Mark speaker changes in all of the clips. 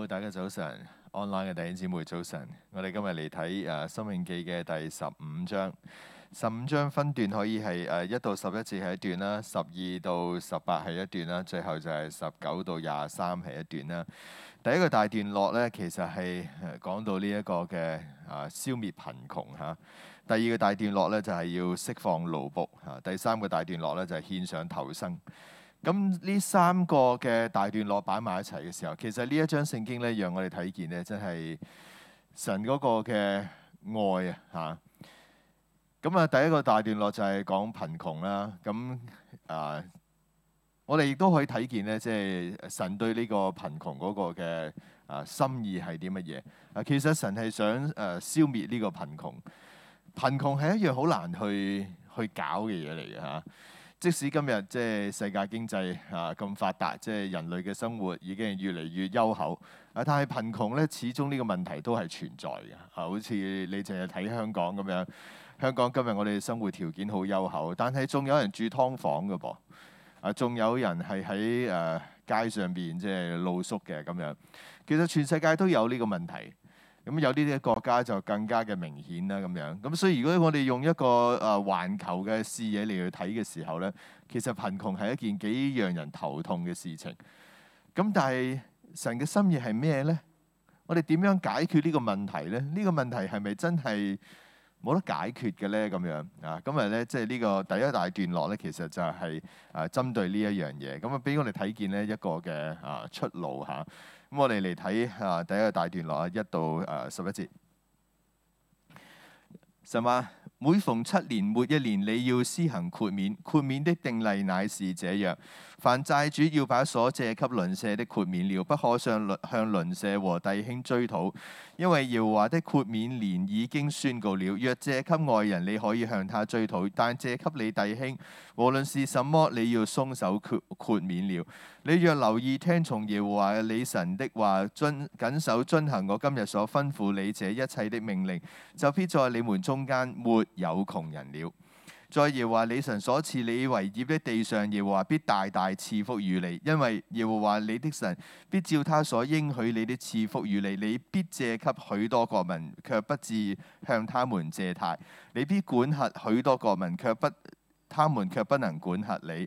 Speaker 1: 好，大家早晨，online 嘅弟兄姊妹早晨。我哋今日嚟睇《誒、呃、申命記》嘅第十五章。十五章分段可以係誒、呃、一到十一節係一段啦，十二到十八係一段啦，最後就係十九到廿三係一段啦。第一個大段落咧，其實係講、呃、到呢一個嘅誒、啊、消滅貧窮嚇。第二個大段落咧，就係、是、要釋放奴僕；嚇、啊。第三個大段落咧，就係、是、獻上頭生。咁呢三個嘅大段落擺埋一齊嘅時候，其實一聖呢一張聖經咧，讓我哋睇見咧，真係神嗰個嘅愛啊！咁、嗯、啊，第一個大段落就係講貧窮啦。咁啊，啊，我哋亦都可以睇見咧，即係神對呢個貧窮嗰個嘅啊心意係啲乜嘢啊？其實神係想誒、啊、消滅呢個貧窮。貧窮係一樣好難去去搞嘅嘢嚟嘅嚇。啊。即使今日即係世界經濟啊咁發達，即係人類嘅生活已經越嚟越優厚啊，但係貧窮咧始終呢個問題都係存在嘅啊。好似你淨係睇香港咁樣，香港今日我哋生活條件好優厚，但係仲有人住劏房嘅噃啊，仲有人係喺誒街上邊即係露宿嘅咁樣。其實全世界都有呢個問題。咁、嗯、有呢啲嘅國家就更加嘅明顯啦，咁樣。咁、嗯、所以如果我哋用一個誒、呃、環球嘅視野嚟去睇嘅時候咧，其實貧窮係一件幾讓人頭痛嘅事情。咁、嗯、但係神嘅心意係咩咧？我哋點樣解決呢個問題咧？呢、這個問題係咪真係冇得解決嘅咧？咁樣啊？今日咧，即係呢個第一大段落咧，其實就係、是、啊針對呢、嗯、一樣嘢。咁啊，俾我哋睇見咧一個嘅啊出路嚇。啊。咁我哋嚟睇下第一個大段落啊，一到十一節。神話，每逢七年末一年，你要施行豁免，豁免的定例乃是這樣。凡債主要把所借給鄰舍的豁免了，不可向鄰向鄰舍和弟兄追討，因為耶和華的豁免年已經宣告了。若借給外人，你可以向他追討；但借給你弟兄，無論是什麼，你要鬆手豁，豁免了。你若留意聽從耶和華嘅你神的話，遵謹守遵行我今日所吩咐你這一切的命令，就必在你們中間沒有窮人了。在耶和華，你神所賜你為業的地上，耶和華必大大賜福於你，因為耶和華你的神必照他所應許你的賜福於你。你必借給許多國民，卻不致向他們借貸；你必管轄許多國民，卻不他們卻不能管轄你。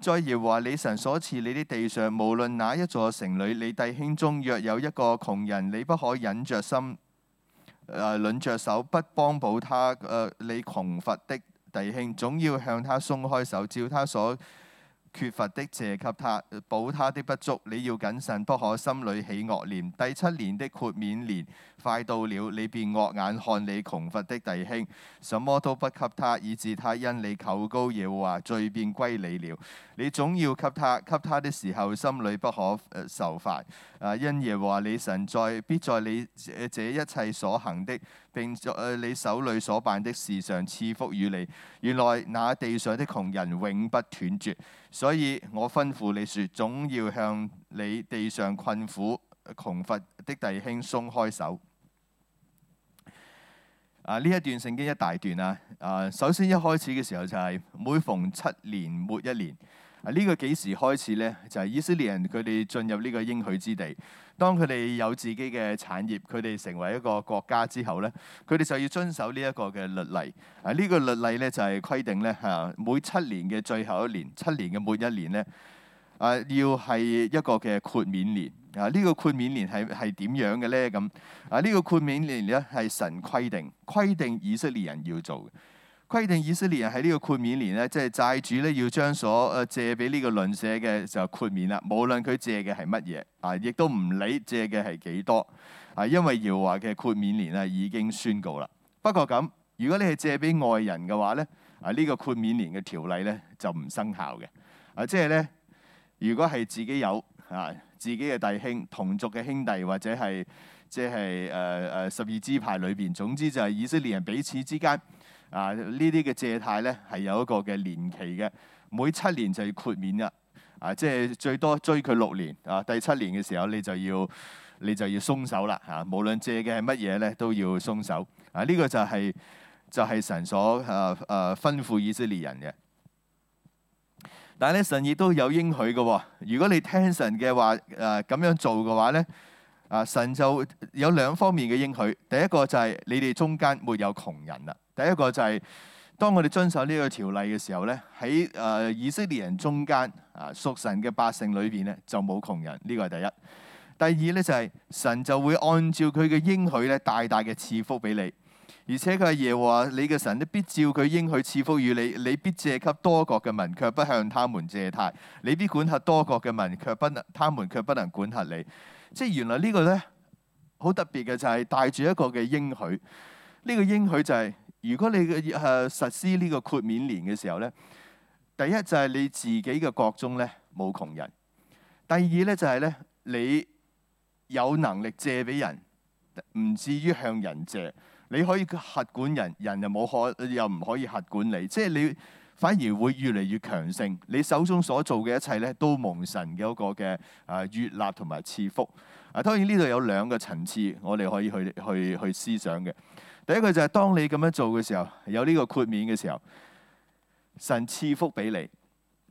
Speaker 1: 在耶和華，你神所賜你的地上，無論哪一座城裏，你弟兄中若有一個窮人，你不可忍着心，誒、呃，忍著手不幫補他。誒、呃，你窮乏的。弟兄總要向他鬆開手，照他所缺乏的借給他，補他的不足。你要謹慎，不可心裏起惡念。第七年的豁免年快到了，你便惡眼看你窮乏的弟兄，什麼都不給他，以致他因你求告耶和華，罪便歸你了。你總要給他，給他的時候，心裏不可受煩。啊，因耶和華你神在必在你這一切所行的，在你手裏所辦的事上賜福與你。原來那地上的窮人永不斷絕，所以我吩咐你說：總要向你地上困苦窮乏的弟兄鬆開手。啊，呢一段聖經一大段啊。啊，首先一開始嘅時候就係每逢七年末一年。啊，呢個幾時開始呢？就係以色列人佢哋進入呢個應許之地。當佢哋有自己嘅產業，佢哋成為一個國家之後咧，佢哋就要遵守呢一個嘅律例。啊，呢個律例咧就係規定咧嚇，每七年嘅最後一年，七年嘅每一年咧，啊，要係一個嘅豁免年。啊，呢個豁免年係係點樣嘅咧？咁啊，呢個豁免年咧係神規定，規定以色列人要做嘅。規定以色列人喺呢個豁免年咧，即係債主咧要將所誒借俾呢個鄰舍嘅就豁免啦，無論佢借嘅係乜嘢啊，亦都唔理借嘅係幾多啊，因為耀華嘅豁免年啊已經宣告啦。不過咁，如果你係借俾外人嘅話咧啊，呢個豁免年嘅條例咧就唔生效嘅啊，即係咧，如果係自己有啊，自己嘅弟兄同族嘅兄弟或者係即係誒誒十二支派裏邊，總之就係以色列人彼此之間。啊！呢啲嘅借貸咧係有一個嘅年期嘅，每七年就要豁免啦。啊，即係最多追佢六年。啊，第七年嘅時候你就要你就要鬆手啦。嚇、啊，無論借嘅係乜嘢咧，都要鬆手。啊，呢、這個就係、是、就係、是、神所誒誒、啊啊、吩咐以色列人嘅。但係咧，神亦都有應許嘅、哦。如果你聽神嘅話誒咁、啊、樣做嘅話咧，啊，神就有兩方面嘅應許。第一個就係你哋中間沒有窮人啦。第一個就係、是、當我哋遵守呢一個條例嘅時候咧，喺誒以色列人中間啊，屬神嘅百姓裏邊咧就冇窮人，呢個係第一。第二咧就係、是、神就會按照佢嘅應許咧大大嘅賜福俾你，而且佢係耶和華，你嘅神都必照佢應許賜福與你，你必借給多國嘅民，卻不向他們借貸，你必管轄多國嘅民，卻不能他們卻不能管轄你。即係原來個呢個咧好特別嘅就係、是、帶住一個嘅應許，呢、這個應許就係、是。如果你嘅誒實施呢個豁免年嘅時候呢，第一就係你自己嘅國中呢冇窮人；第二呢就係呢，你有能力借俾人，唔至於向人借。你可以轄管人，人又冇可又唔可以轄管你，即係你反而會越嚟越強盛。你手中所做嘅一切呢，都蒙神嘅一個嘅誒悅納同埋賜福。啊，當然呢度有兩個層次，我哋可以去去去思想嘅。第一個就係當你咁樣做嘅時候，有呢個豁免嘅時候，神賜福俾你，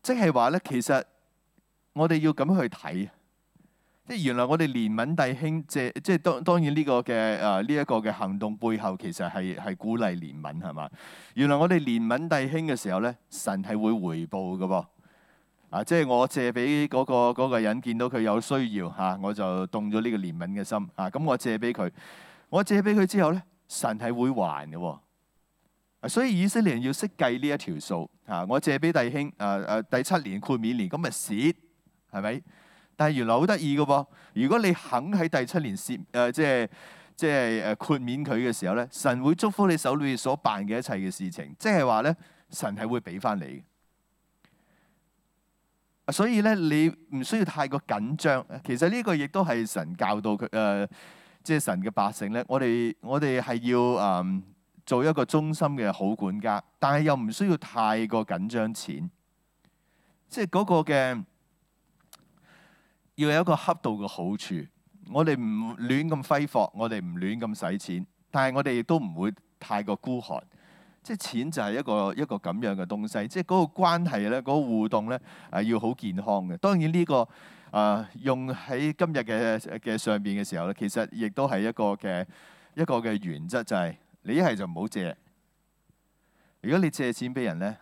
Speaker 1: 即係話呢，其實我哋要咁去睇，即係原來我哋憐憫弟兄借即係當當然呢個嘅誒呢一個嘅行動背後，其實係係鼓勵憐憫係嘛。原來我哋憐憫弟兄嘅時候呢，神係會回報嘅噃啊！即係我借俾嗰個人，見到佢有需要嚇，啊，我就動咗呢個憐憫嘅心啊。咁我借俾佢，我借俾佢之後呢。神係會還嘅、哦，所以以色列人要識計呢一條數吓、啊。我借俾弟兄，誒、啊、誒、啊，第七年豁免年，咁咪蝕係咪？但係原來好得意嘅噃，如果你肯喺第七年蝕，誒、呃、即係即係誒豁免佢嘅時候咧，神會祝福你手裏所辦嘅一切嘅事情，即係話咧，神係會俾翻你。所以咧，你唔需要太過緊張。其實呢個亦都係神教導佢誒。呃即係神嘅百姓咧，我哋我哋係要誒、嗯、做一個忠心嘅好管家，但係又唔需要太過緊張錢，即係嗰個嘅要有一個恰到嘅好處，我哋唔亂咁揮霍，我哋唔亂咁使錢，但係我哋亦都唔會太過孤寒。即係錢就係一個一個咁樣嘅東西，即係嗰個關係咧，嗰、嗰個互動咧係、啊、要好健康嘅。當然呢、呢個。啊，用喺今日嘅嘅上邊嘅時候咧，其實亦都係一個嘅一個嘅原則，就係你一係就唔好借。如果你借錢俾人咧，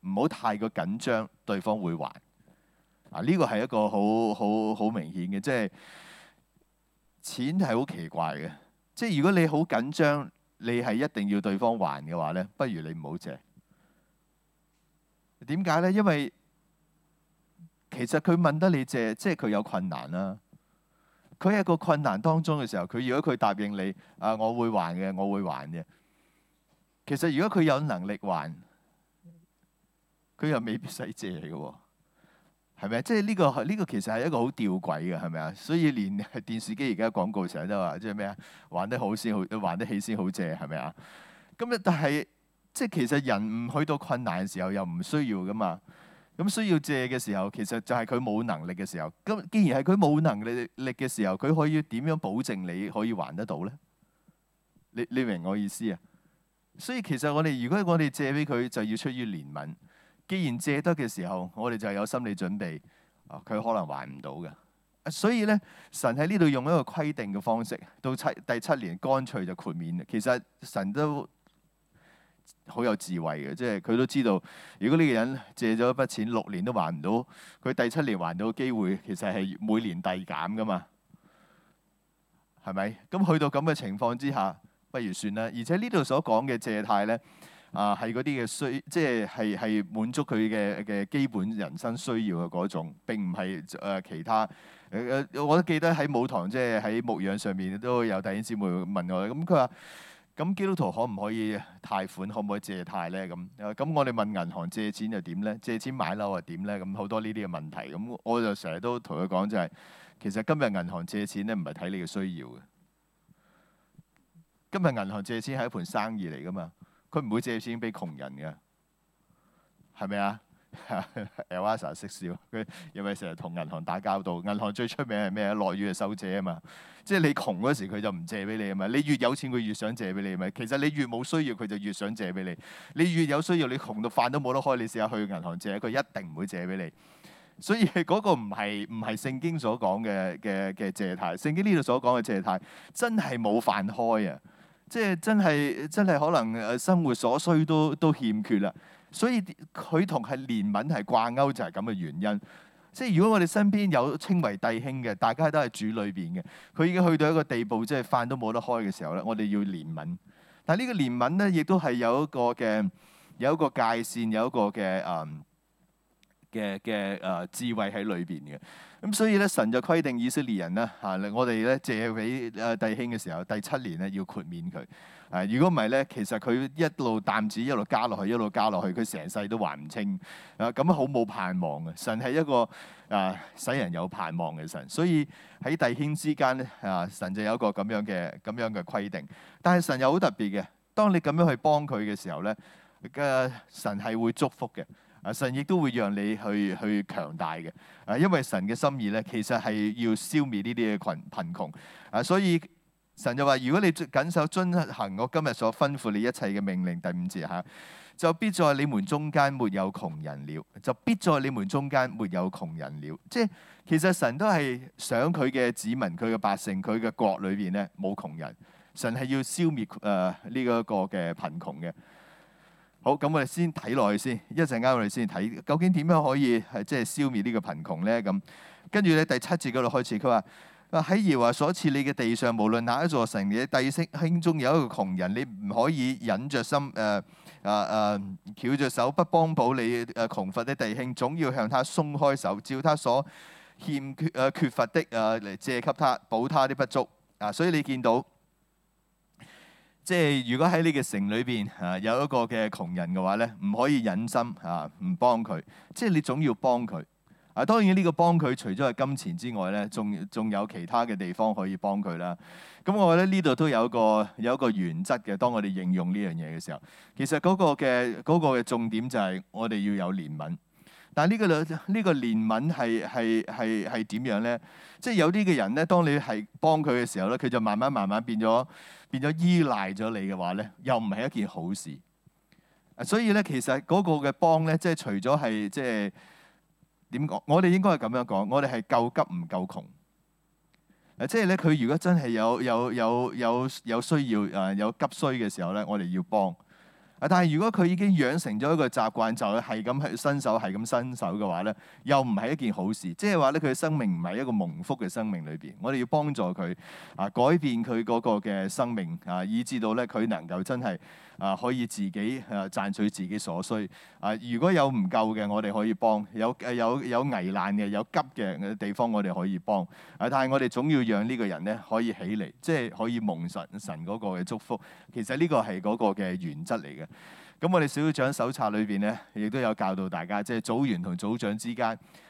Speaker 1: 唔好太過緊張，對方會還。啊，呢個係一個好好好明顯嘅，即係錢係好奇怪嘅。即係如果你好緊張，你係一定要對方還嘅話咧，不如你唔好借。點解咧？因為其實佢問得你借，即係佢有困難啦、啊。佢喺個困難當中嘅時候，佢如果佢答應你，啊、呃，我會還嘅，我會還嘅。其實如果佢有能力還，佢又未必使借嘅喎，係咪啊？即係呢、這個呢、這個其實係一個好吊詭嘅，係咪啊？所以連電視機而家廣告成日都話，即係咩啊？還得好先好，還得起先好借，係咪啊？咁一但係即係其實人唔去到困難嘅時候，又唔需要㗎嘛。咁需要借嘅時候，其實就係佢冇能力嘅時候。咁既然係佢冇能力力嘅時候，佢可以點樣保證你可以還得到呢？你你明我意思啊？所以其實我哋如果我哋借俾佢，就要出於憐憫。既然借得嘅時候，我哋就有心理準備，啊，佢可能還唔到嘅。所以呢，神喺呢度用一個規定嘅方式，到七第七年，乾脆就豁免啦。其實神都。好有智慧嘅，即係佢都知道，如果呢個人借咗一筆錢六年都還唔到，佢第七年還到嘅機會其實係每年遞減㗎嘛，係咪？咁去到咁嘅情況之下，不如算啦。而且呢度所講嘅借貸呢，啊係嗰啲嘅需，即係係係滿足佢嘅嘅基本人生需要嘅嗰種，並唔係誒其他。誒誒，我都記得喺舞堂，即係喺牧養上面都有弟兄姊妹問我，咁佢話。咁基督徒可唔可以貸款？可唔可以借貸咧？咁咁我哋問銀行借錢又點咧？借錢買樓又點咧？咁好多呢啲嘅問題。咁我就成日都同佢講就係，其實今日銀行借錢咧唔係睇你嘅需要嘅。今日銀行借錢係一盤生意嚟㗎嘛，佢唔會借錢俾窮人嘅，係咪啊？啊 Sa 識， 笑，笑，佢，因為成日同銀行打交道。銀行最出名係咩？落雨就收借啊嘛。即係你窮嗰時，佢就唔借俾你啊嘛。你越有錢，佢越想借俾你啊嘛。其實你越冇需要，佢就越想借俾你。你越有需要，你窮到飯都冇得開，你試下去銀行借，佢一定唔會借俾你。所以嗰個唔係唔係聖經所講嘅嘅嘅借貸。聖經呢度所講嘅借貸，真係冇飯開啊！即係真係真係可能生活所需都都欠缺啦。所以佢同係憐憫係掛鈎，就係咁嘅原因。即係如果我哋身邊有稱為弟兄嘅，大家都係主裏邊嘅，佢已經去到一個地步，即係飯都冇得開嘅時候咧，我哋要憐憫。但係呢個憐憫咧，亦都係有一個嘅，有一個界線，有一個嘅啊嘅嘅啊智慧喺裏邊嘅。咁所以咧，神就規定以色列人咧嚇，我哋咧借俾誒弟兄嘅時候，第七年咧要豁免佢！啊！如果唔係咧，其實佢一路擔子一路加落去，一路加落去，佢成世都還唔清啊！咁好，冇盼望嘅神係一個啊使人有盼望嘅神，所以喺弟兄之間咧啊，神就有一個咁樣嘅咁樣嘅規定。但係神又好特別嘅，當你咁樣去幫佢嘅時候咧，嘅、啊、神係會祝福嘅啊！神亦都會讓你去去強大嘅啊！因為神嘅心意咧，其實係要消滅呢啲嘅貧貧窮啊，所以。神就話：如果你謹守遵行我今日所吩咐你一切嘅命令，第五節吓，就必在你們中間沒有窮人了；就必在你們中間沒有窮人了。即係其實神都係想佢嘅子民、佢嘅百姓、佢嘅國裏邊咧冇窮人。神係要消滅誒呢一個嘅貧窮嘅。好，咁我哋先睇落去先，一陣間我哋先睇究竟點樣可以係即係消滅呢個貧窮咧？咁跟住咧第七節嗰度開始，佢話。啊！喺 耶和華所賜你嘅地上，無論哪一座城嘅帝色，興中有一個窮人，你唔可以忍着心誒誒誒，翹、呃、着、呃呃呃、手不幫補你誒窮乏的弟兄，總要向他鬆開手，照他所欠缺誒缺乏的誒嚟、呃、借給他補他的不足。啊！所以你見到，即係如果喺你嘅城裏邊啊有一個嘅窮人嘅話咧，唔可以忍心啊唔幫佢，即係你總要幫佢。啊，當然呢個幫佢除咗係金錢之外咧，仲仲有其他嘅地方可以幫佢啦。咁、嗯、我覺得呢度都有一個有一個原則嘅。當我哋應用呢樣嘢嘅時候，其實嗰個嘅嗰個嘅重點就係我哋要有憐憫。但係、這個這個、呢個呢個憐憫係係係係點樣咧？即係有啲嘅人咧，當你係幫佢嘅時候咧，佢就慢慢慢慢變咗變咗依賴咗你嘅話咧，又唔係一件好事。所以咧，其實嗰個嘅幫咧，即係除咗係即係。點講？我哋應該係咁樣講，我哋係救急唔救窮。誒，即係咧，佢如果真係有有有有有需要誒，有急需嘅時候咧，我哋要幫。誒，但係如果佢已經養成咗一個習慣，就係係咁伸手，係咁伸手嘅話咧，又唔係一件好事。即係話咧，佢嘅生命唔係一個蒙福嘅生命裏邊，我哋要幫助佢啊，改變佢嗰個嘅生命啊，以至到咧佢能夠真係。啊，可以自己啊賺取自己所需啊！如果有唔夠嘅，我哋可以幫；有誒有有危難嘅、有急嘅地方，我哋可以幫啊！但係我哋總要讓呢個人咧可以起嚟，即係可以蒙神神嗰個嘅祝福。其實呢個係嗰個嘅原則嚟嘅。咁我哋小組長手冊裏邊咧，亦都有教導大家，即係組員同組長之間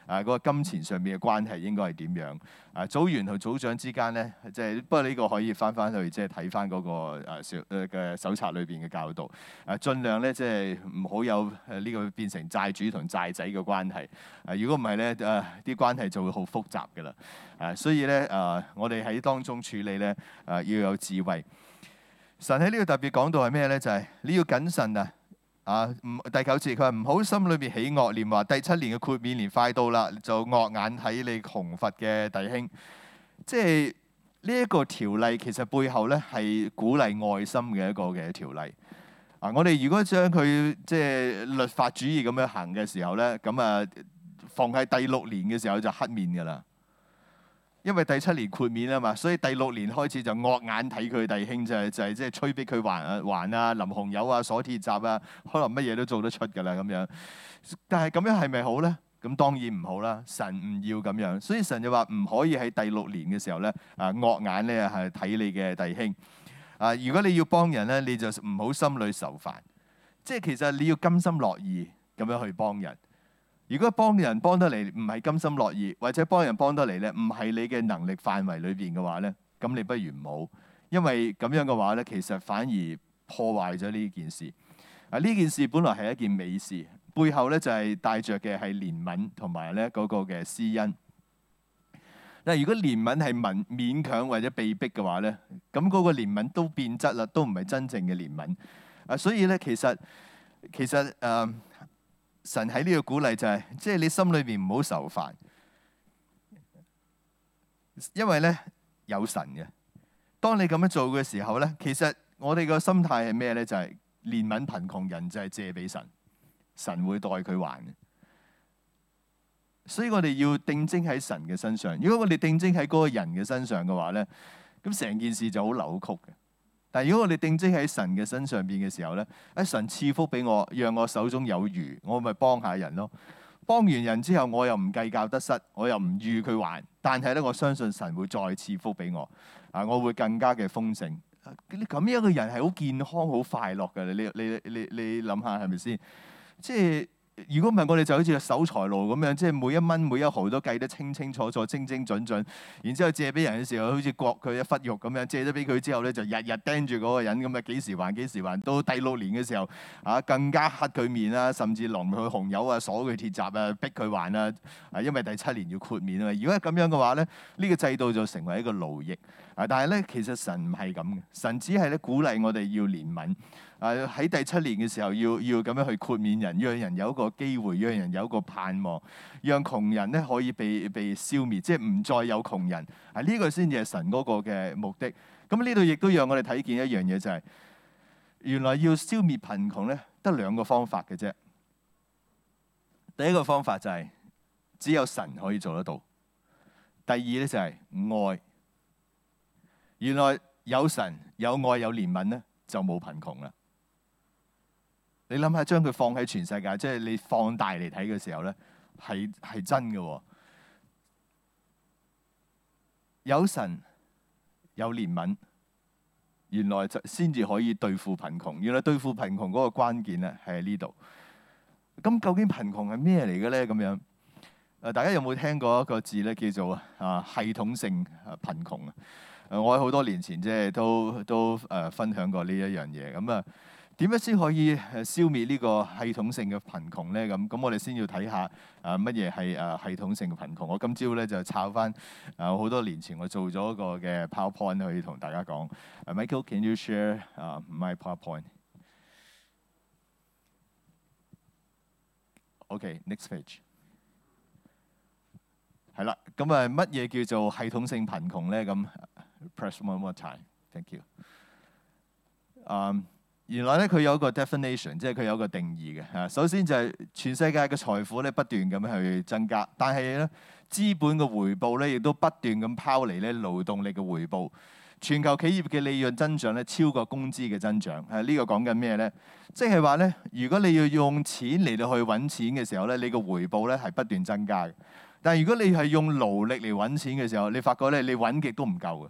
Speaker 1: 啊，嗰、那個金錢上面嘅關係應該係點樣？啊，組員同組長之間咧，即、就、係、是、不過呢個可以翻翻去，即係睇翻嗰個啊小嘅、那個、手冊裏邊嘅教導。啊，盡量咧，即係唔好有呢、啊這個變成債主同債仔嘅關係。啊，如果唔係咧，啊啲關係就會好複雜噶啦。啊，所以咧，啊我哋喺當中處理咧，啊要有智慧。神喺呢個特別講到係咩咧？就係、是、你要謹慎啊！啊，唔第九次，佢話唔好心裏邊起惡念，話第七年嘅豁免年快到啦，就惡眼睇你窮乏嘅弟兄。即係呢一個條例，其實背後咧係鼓勵愛心嘅一個嘅條例。啊，我哋如果將佢即係律法主義咁樣行嘅時候咧，咁啊，逢係第六年嘅時候就黑面噶啦。因為第七年豁免啊嘛，所以第六年開始就惡眼睇佢弟兄，就係就係即係催逼佢還啊還啊，淋紅油啊，鎖鐵閘啊，可能乜嘢都做得出噶啦咁樣。但係咁樣係咪好咧？咁當然唔好啦，神唔要咁樣。所以神就話唔可以喺第六年嘅時候咧，啊惡眼咧係睇你嘅弟兄。啊，如果你要幫人咧，你就唔好心裏受煩，即係其實你要甘心樂意咁樣去幫人。如果幫人幫得嚟唔係甘心樂意，或者幫人幫得嚟咧唔係你嘅能力範圍裏邊嘅話咧，咁你不如唔好，因為咁樣嘅話咧，其實反而破壞咗呢件事。啊，呢件事本來係一件美事，背後咧就係、是、帶着嘅係憐憫同埋咧嗰個嘅施恩。嗱、啊，如果憐憫係文勉強或者被逼嘅話咧，咁嗰個憐憫都變質啦，都唔係真正嘅憐憫。啊，所以咧其實其實誒。呃神喺呢個鼓勵就係、是，即係你心裏面唔好受煩，因為咧有神嘅。當你咁樣做嘅時候咧，其實我哋個心態係咩咧？就係、是、憐憫貧窮人，就係借俾神，神會代佢還嘅。所以我哋要定睛喺神嘅身上。如果我哋定睛喺嗰個人嘅身上嘅話咧，咁成件事就好扭曲嘅。但係，如果我哋定睛喺神嘅身上邊嘅時候咧，哎，神賜福俾我，讓我手中有餘，我咪幫下人咯。幫完人之後，我又唔計較得失，我又唔預佢還。但係咧，我相信神會再賜福俾我，啊，我會更加嘅豐盛。咁樣一個人係好健康、好快樂嘅。你你你你諗下係咪先？即係。如果唔係，我哋就好似守財奴咁樣，即係每一蚊每一毫都計得清清楚楚、清清準準。然之後借俾人嘅時候，好似割佢一忽肉咁樣；借咗俾佢之後咧，就日日盯住嗰個人咁啊，幾時還幾時還。到第六年嘅時候，啊更加黑佢面啦，甚至淋去紅油啊，鎖佢鐵閘啊，逼佢還啊。啊，因為第七年要豁免啊嘛。如果係咁樣嘅話咧，呢個制度就成為一個奴役啊。但係咧，其實神唔係咁嘅，神只係咧鼓勵我哋要憐憫。啊！喺第七年嘅時候，要要咁樣去豁免人，讓人有一個機會，讓人有一個盼望，讓窮人咧可以被被消滅，即係唔再有窮人。啊！呢個先至係神嗰個嘅目的。咁呢度亦都讓我哋睇見一樣嘢，就係原來要消滅貧窮咧，得兩個方法嘅啫。第一個方法就係只有神可以做得到。第二咧就係愛。原來有神、有愛、有憐憫咧，就冇貧窮啦。你諗下，將佢放喺全世界，即係你放大嚟睇嘅時候咧，係係真嘅、喔。有神有憐憫，原來就先至可以對付貧窮。原來對付貧窮嗰個關鍵咧，係喺呢度。咁究竟貧窮係咩嚟嘅咧？咁樣，誒大家有冇聽過一個字咧，叫做啊系統性貧窮啊？我喺好多年前即係都都誒、啊、分享過呢一樣嘢，咁、嗯、啊。點樣先可以誒消滅呢個系統性嘅貧窮咧？咁咁，我哋先要睇下啊乜嘢係誒系統性嘅貧窮。我今朝咧就抄翻啊好多年前我做咗一個嘅 PowerPoint 去同大家講。Michael，can you share 啊 my PowerPoint？OK，next page。係啦，咁啊乜嘢叫做系統性貧窮咧？咁 press one more time，Thank you。嗯。原來咧，佢有一個 definition，即係佢有一個定義嘅。首先就係全世界嘅財富咧不斷咁去增加，但係咧資本嘅回報咧亦都不斷咁拋離咧勞動力嘅回報。全球企業嘅利潤增長咧超過工資嘅增長。係呢個講緊咩咧？即係話咧，如果你要用錢嚟到去揾錢嘅時候咧，你個回報咧係不斷增加嘅。但係如果你係用勞力嚟揾錢嘅時候，你發覺咧你揾極都唔夠嘅。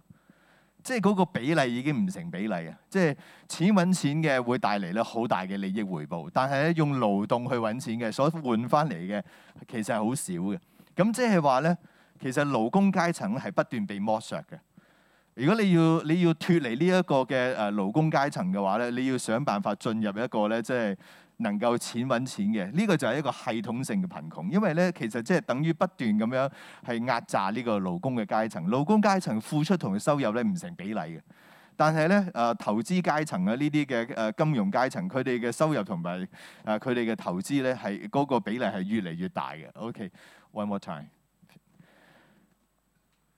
Speaker 1: 即係嗰個比例已經唔成比例啊。即係錢揾錢嘅會帶嚟咧好大嘅利益回報，但係咧用勞動去揾錢嘅，所換翻嚟嘅其實係好少嘅。咁即係話咧，其實勞工階層咧係不斷被剝削嘅。如果你要你要脫離呢一個嘅誒勞工階層嘅話咧，你要想辦法進入一個咧即係。就是能夠錢揾錢嘅，呢個就係一個系統性嘅貧窮，因為咧其實即係等於不斷咁樣係壓榨呢個勞工嘅階層，勞工階層付出同收入咧唔成比例嘅。但係咧誒投資階層啊呢啲嘅誒金融階層，佢哋嘅收入同埋誒佢哋嘅投資咧係嗰個比例係越嚟越大嘅。OK，one more time。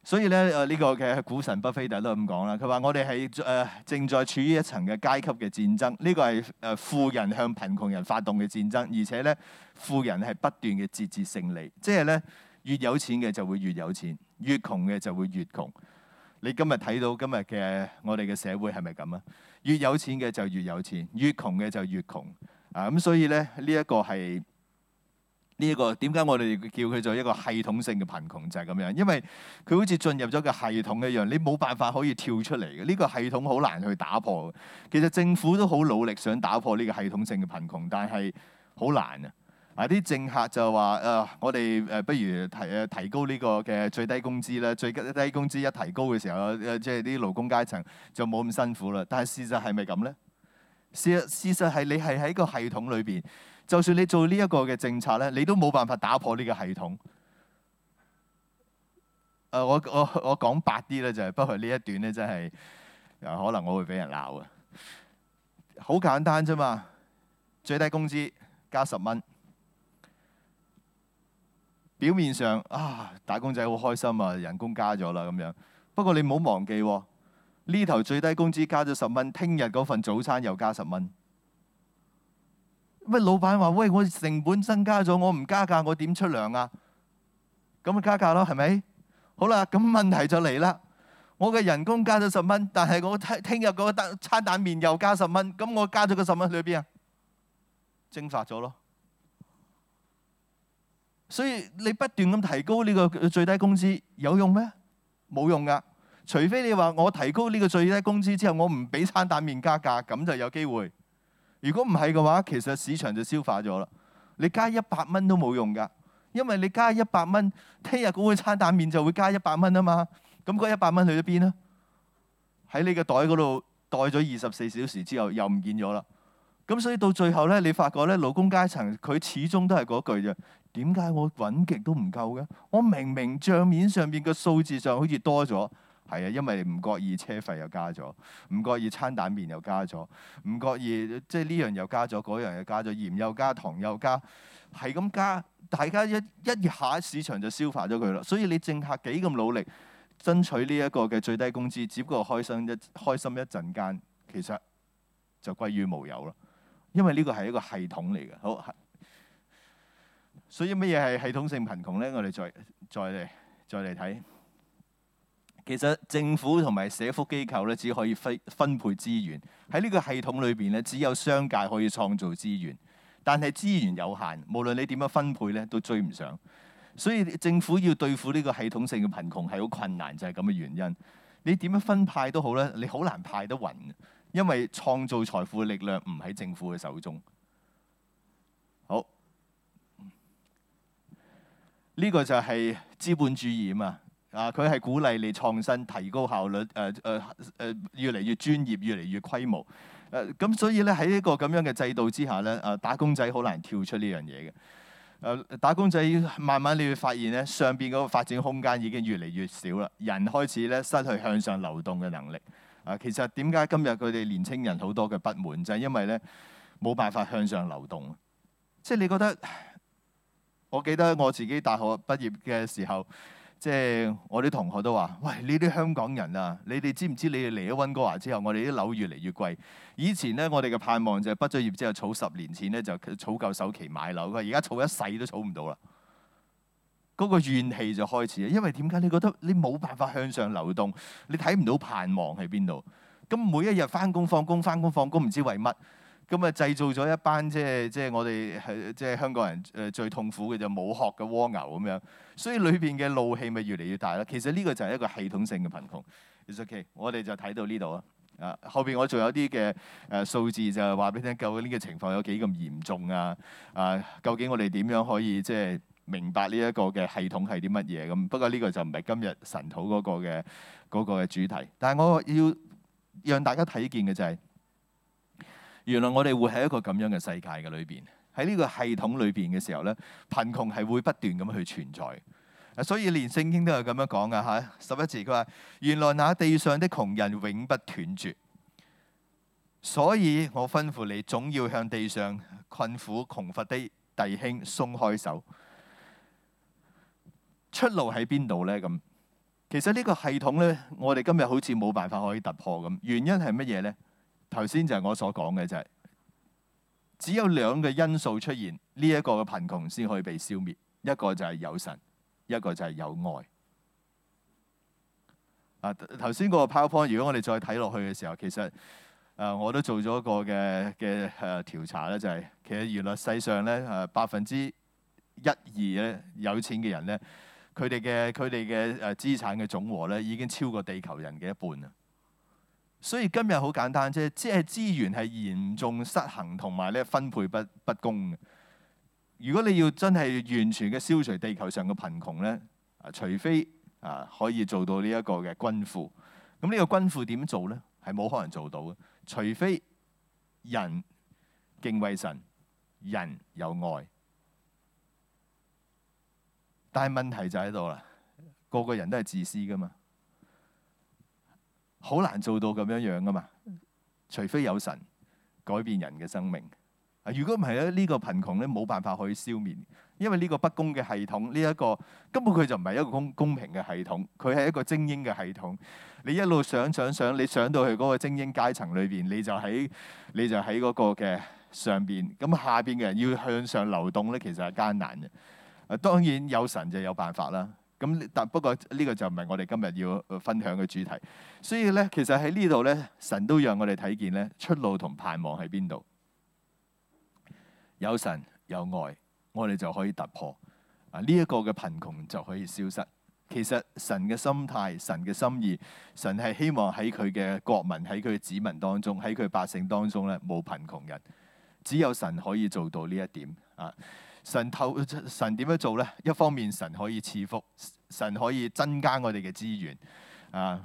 Speaker 1: 所以咧，誒呢個嘅股神巴菲特都咁講啦，佢話我哋係誒正在處於一層嘅階級嘅戰爭，呢個係誒富人向貧窮人發動嘅戰爭，而且咧富人係不斷嘅節節勝利，即係咧越有錢嘅就會越有錢，越窮嘅就會越窮。你今日睇到今日嘅我哋嘅社會係咪咁啊？越有錢嘅就越有錢，越窮嘅就越窮。啊咁，所以咧呢一個係。呢一個點解我哋叫佢做一個系統性嘅貧窮就係咁樣，因為佢好似進入咗個系統一樣，你冇辦法可以跳出嚟嘅。呢、這個系統好難去打破。其實政府都好努力想打破呢個系統性嘅貧窮，但係好難啊！啲政客就話，啊、呃，我哋誒不如提提高呢個嘅最低工資啦。最低工資一提高嘅時候，即係啲勞工階層就冇咁辛苦啦。但係事實係咪咁咧？事實事實係你係喺個系統裏邊。就算你做呢一個嘅政策呢，你都冇辦法打破呢個系統。誒、呃，我我我講白啲呢，就係不過呢一段呢，真係，可能我會俾人鬧啊。好簡單啫嘛，最低工資加十蚊。表面上啊，打工仔好開心啊，人工加咗啦咁樣。不過你唔好忘記喎，呢頭最低工資加咗十蚊，聽日嗰份早餐又加十蚊。乜老闆話：喂，我成本增加咗，我唔加價，我點出糧啊？咁咪加價咯，係咪？好啦，咁問題就嚟啦。我嘅人工加咗十蚊，但係我聽聽日嗰餐蛋麵又加十蚊，咁我加咗個十蚊去邊啊？蒸發咗咯。所以你不斷咁提高呢個最低工資有用咩？冇用噶。除非你話我提高呢個最低工資之後，我唔俾餐蛋麵加價，咁就有機會。如果唔係嘅話，其實市場就消化咗啦。你加一百蚊都冇用噶，因為你加一百蚊，聽日嗰碗餐蛋麵就會加一百蚊啊嘛。咁嗰一百蚊去咗邊啊？喺你個袋嗰度袋咗二十四小時之後又，又唔見咗啦。咁所以到最後咧，你發覺咧，勞工階層佢始終都係嗰句啫。點解我揾極都唔夠嘅？我明明帳面上邊嘅數字上好似多咗。係啊，因為唔覺意車費又加咗，唔覺意餐蛋麵又加咗，唔覺意即係呢樣又加咗，嗰樣又加咗，鹽又加，糖又加，係咁加，大家一一下市場就消化咗佢啦。所以你政客幾咁努力爭取呢一個嘅最低工資，只不過開心一開心一陣間，其實就歸於無有咯。因為呢個係一個系統嚟嘅，好。所以乜嘢係系統性貧窮呢？我哋再再嚟再嚟睇。其實政府同埋社福機構咧，只可以分分配資源。喺呢個系統裏邊咧，只有商界可以創造資源。但係資源有限，無論你點樣分配咧，都追唔上。所以政府要對付呢個系統性嘅貧窮係好困難，就係咁嘅原因。你點樣分派都好咧，你好難派得勻，因為創造財富嘅力量唔喺政府嘅手中。好，呢個就係資本主義啊嘛。啊！佢係鼓勵你創新、提高效率、誒誒誒，越嚟越專業、越嚟越規模。誒、呃、咁，所以咧喺一個咁樣嘅制度之下咧，啊打工仔好難跳出呢樣嘢嘅。誒、呃、打工仔慢慢你會發現咧，上邊嗰個發展空間已經越嚟越少啦，人開始咧失去向上流動嘅能力。啊、呃，其實點解今日佢哋年青人好多嘅不滿，就係、是、因為咧冇辦法向上流動。即、就、係、是、你覺得，我記得我自己大學畢業嘅時候。即係、就是、我啲同學都話：「喂，呢啲香港人啊，你哋知唔知你哋嚟咗溫哥華之後，我哋啲樓越嚟越貴。以前咧，我哋嘅盼望就係畢咗業之後儲十年錢咧，就儲夠首期買樓。佢而家儲一世都儲唔到啦。嗰、那個怨氣就開始，因為點解？你覺得你冇辦法向上流動，你睇唔到盼望喺邊度。咁每一日翻工放工翻工放工，唔知為乜。咁啊，製造咗一班即係即係我哋係即係香港人，誒最痛苦嘅就冇殼嘅蝸牛咁樣，所以裏邊嘅怒氣咪越嚟越大啦。其實呢個就係一個系統性嘅貧窮。OK，我哋就睇到呢度啊，啊後邊我仲有啲嘅誒數字就話俾你聽，究竟呢個情況有幾咁嚴重啊？啊，究竟我哋點樣可以即係明白呢一個嘅系統係啲乜嘢咁？不過呢個就唔係今日神討嗰個嘅嗰、嗰個嘅主題，但係我要讓大家睇見嘅就係、係。原來我哋會喺一個咁樣嘅世界嘅裏邊，喺呢個系統裏邊嘅時候呢，貧窮係會不斷咁去存在。所以連聖經都有咁樣講噶嚇，啊、十一字，佢話：原來那地上的窮人永不斷絕。所以我吩咐你，總要向地上困苦窮乏的弟兄鬆開手。出路喺邊度呢？咁其實呢個系統呢，我哋今日好似冇辦法可以突破咁。原因係乜嘢呢？頭先就係我所講嘅就係，只有兩個因素出現，呢一個嘅貧窮先可以被消滅。一個就係有神，一個就係有愛。啊，頭先嗰個 PowerPoint，如果我哋再睇落去嘅時候，其實啊，我都做咗一個嘅嘅誒調查咧，就係其實原來世上咧啊，百分之一二咧有錢嘅人咧，佢哋嘅佢哋嘅誒資產嘅總和咧，已經超過地球人嘅一半啊！所以今日好簡單啫，即係資源係嚴重失衡同埋咧分配不不公嘅。如果你要真係完全嘅消除地球上嘅貧窮咧，啊，除非啊可以做到呢一個嘅均富。咁呢個均富點做咧？係冇可能做到嘅，除非人敬畏神，人有愛。但係問題就喺度啦，個個人都係自私㗎嘛。好難做到咁樣樣㗎嘛！除非有神改變人嘅生命。啊，如果唔係咧，呢個貧窮咧冇辦法可以消滅，因為呢個不公嘅系統，呢一個根本佢就唔係一個公公平嘅系統，佢係一個精英嘅系統。你一路想，想，想，你上到去嗰個精英階層裏邊，你就喺你就喺嗰個嘅上邊。咁下邊嘅人要向上流動咧，其實係艱難嘅。啊，當然有神就有辦法啦。咁但不過呢個就唔係我哋今日要分享嘅主題。所以咧，其實喺呢度咧，神都讓我哋睇見咧出路同盼望喺邊度。有神有愛，我哋就可以突破啊！呢一個嘅貧窮就可以消失。其實神嘅心態、神嘅心意，神係希望喺佢嘅國民、喺佢嘅子民當中、喺佢百姓當中咧，冇貧窮人。只有神可以做到呢一點啊！神透神點樣做咧？一方面神可以賜福，神可以增加我哋嘅資源啊。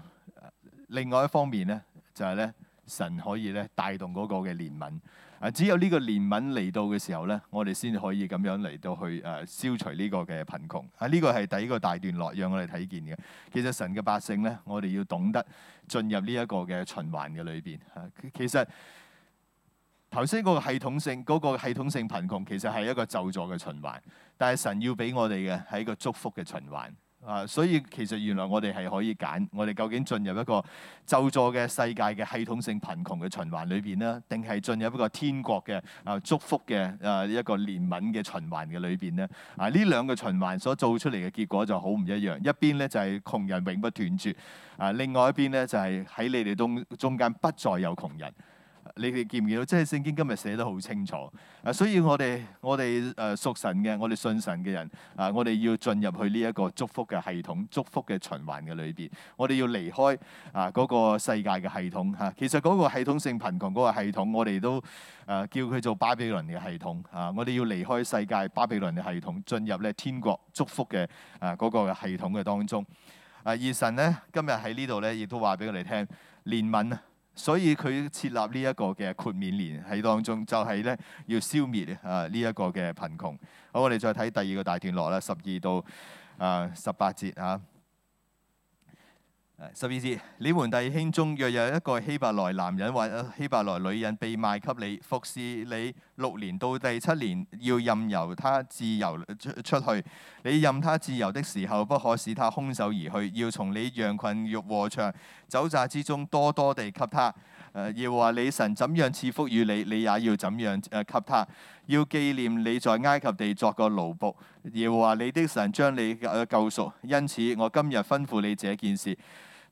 Speaker 1: 另外一方面咧，就係、是、咧神可以咧帶動嗰個嘅憐憫啊。只有呢個憐憫嚟到嘅時候咧，我哋先可以咁樣嚟到去誒、啊、消除呢個嘅貧窮啊。呢、這個係第一個大段落，讓我哋睇見嘅。其實神嘅百姓咧，我哋要懂得進入呢一個嘅循環嘅裏邊啊。其實。頭先嗰個系統性嗰、嗰個系統性貧窮其實係一個咒詛嘅循環，但係神要俾我哋嘅係一個祝福嘅循環啊！所以其實原來我哋係可以揀，我哋究竟進入一個咒詛嘅世界嘅系統性貧窮嘅循環裏邊呢？定係進入一個天國嘅啊祝福嘅啊一個憐憫嘅循環嘅裏邊咧？啊呢兩個循環所做出嚟嘅結果就好唔一樣，一邊咧就係、是、窮人永不斷絕啊，另外一邊咧就係、是、喺你哋中中間不再有窮人。你哋見唔見到？即係聖經今日寫得好清楚。啊，所以我哋我哋誒屬神嘅，我哋信神嘅人啊，我哋要進入去呢一個祝福嘅系統、祝福嘅循環嘅裏邊。我哋要離開啊嗰個世界嘅系統嚇、啊。其實嗰個系統性貧窮嗰個系統，我哋都誒、啊、叫佢做巴比倫嘅系統啊。我哋要離開世界巴比倫嘅系統，進入咧天國祝福嘅啊嗰個系統嘅當中。啊而神咧今日喺呢度咧，亦都話俾我哋聽，憐憫啊！所以佢設立呢一個嘅豁免年喺當中，就係咧要消滅啊呢一個嘅貧窮。好，我哋再睇第二個大段落啦，十二到啊十八節啊。十二節，你們弟兄中若有一個希伯來男人或希伯來女人被賣給你，服侍你六年，到第七年要任由他自由出去。你任他自由的時候，不可使他空手而去，要從你羊群、禾場、酒醡之中多多地給他。誒、呃，耶和華你神怎樣賜福與你，你也要怎樣誒給他。要記念你在埃及地作個奴僕，耶和華你的神將你救贖。因此我今日吩咐你這件事。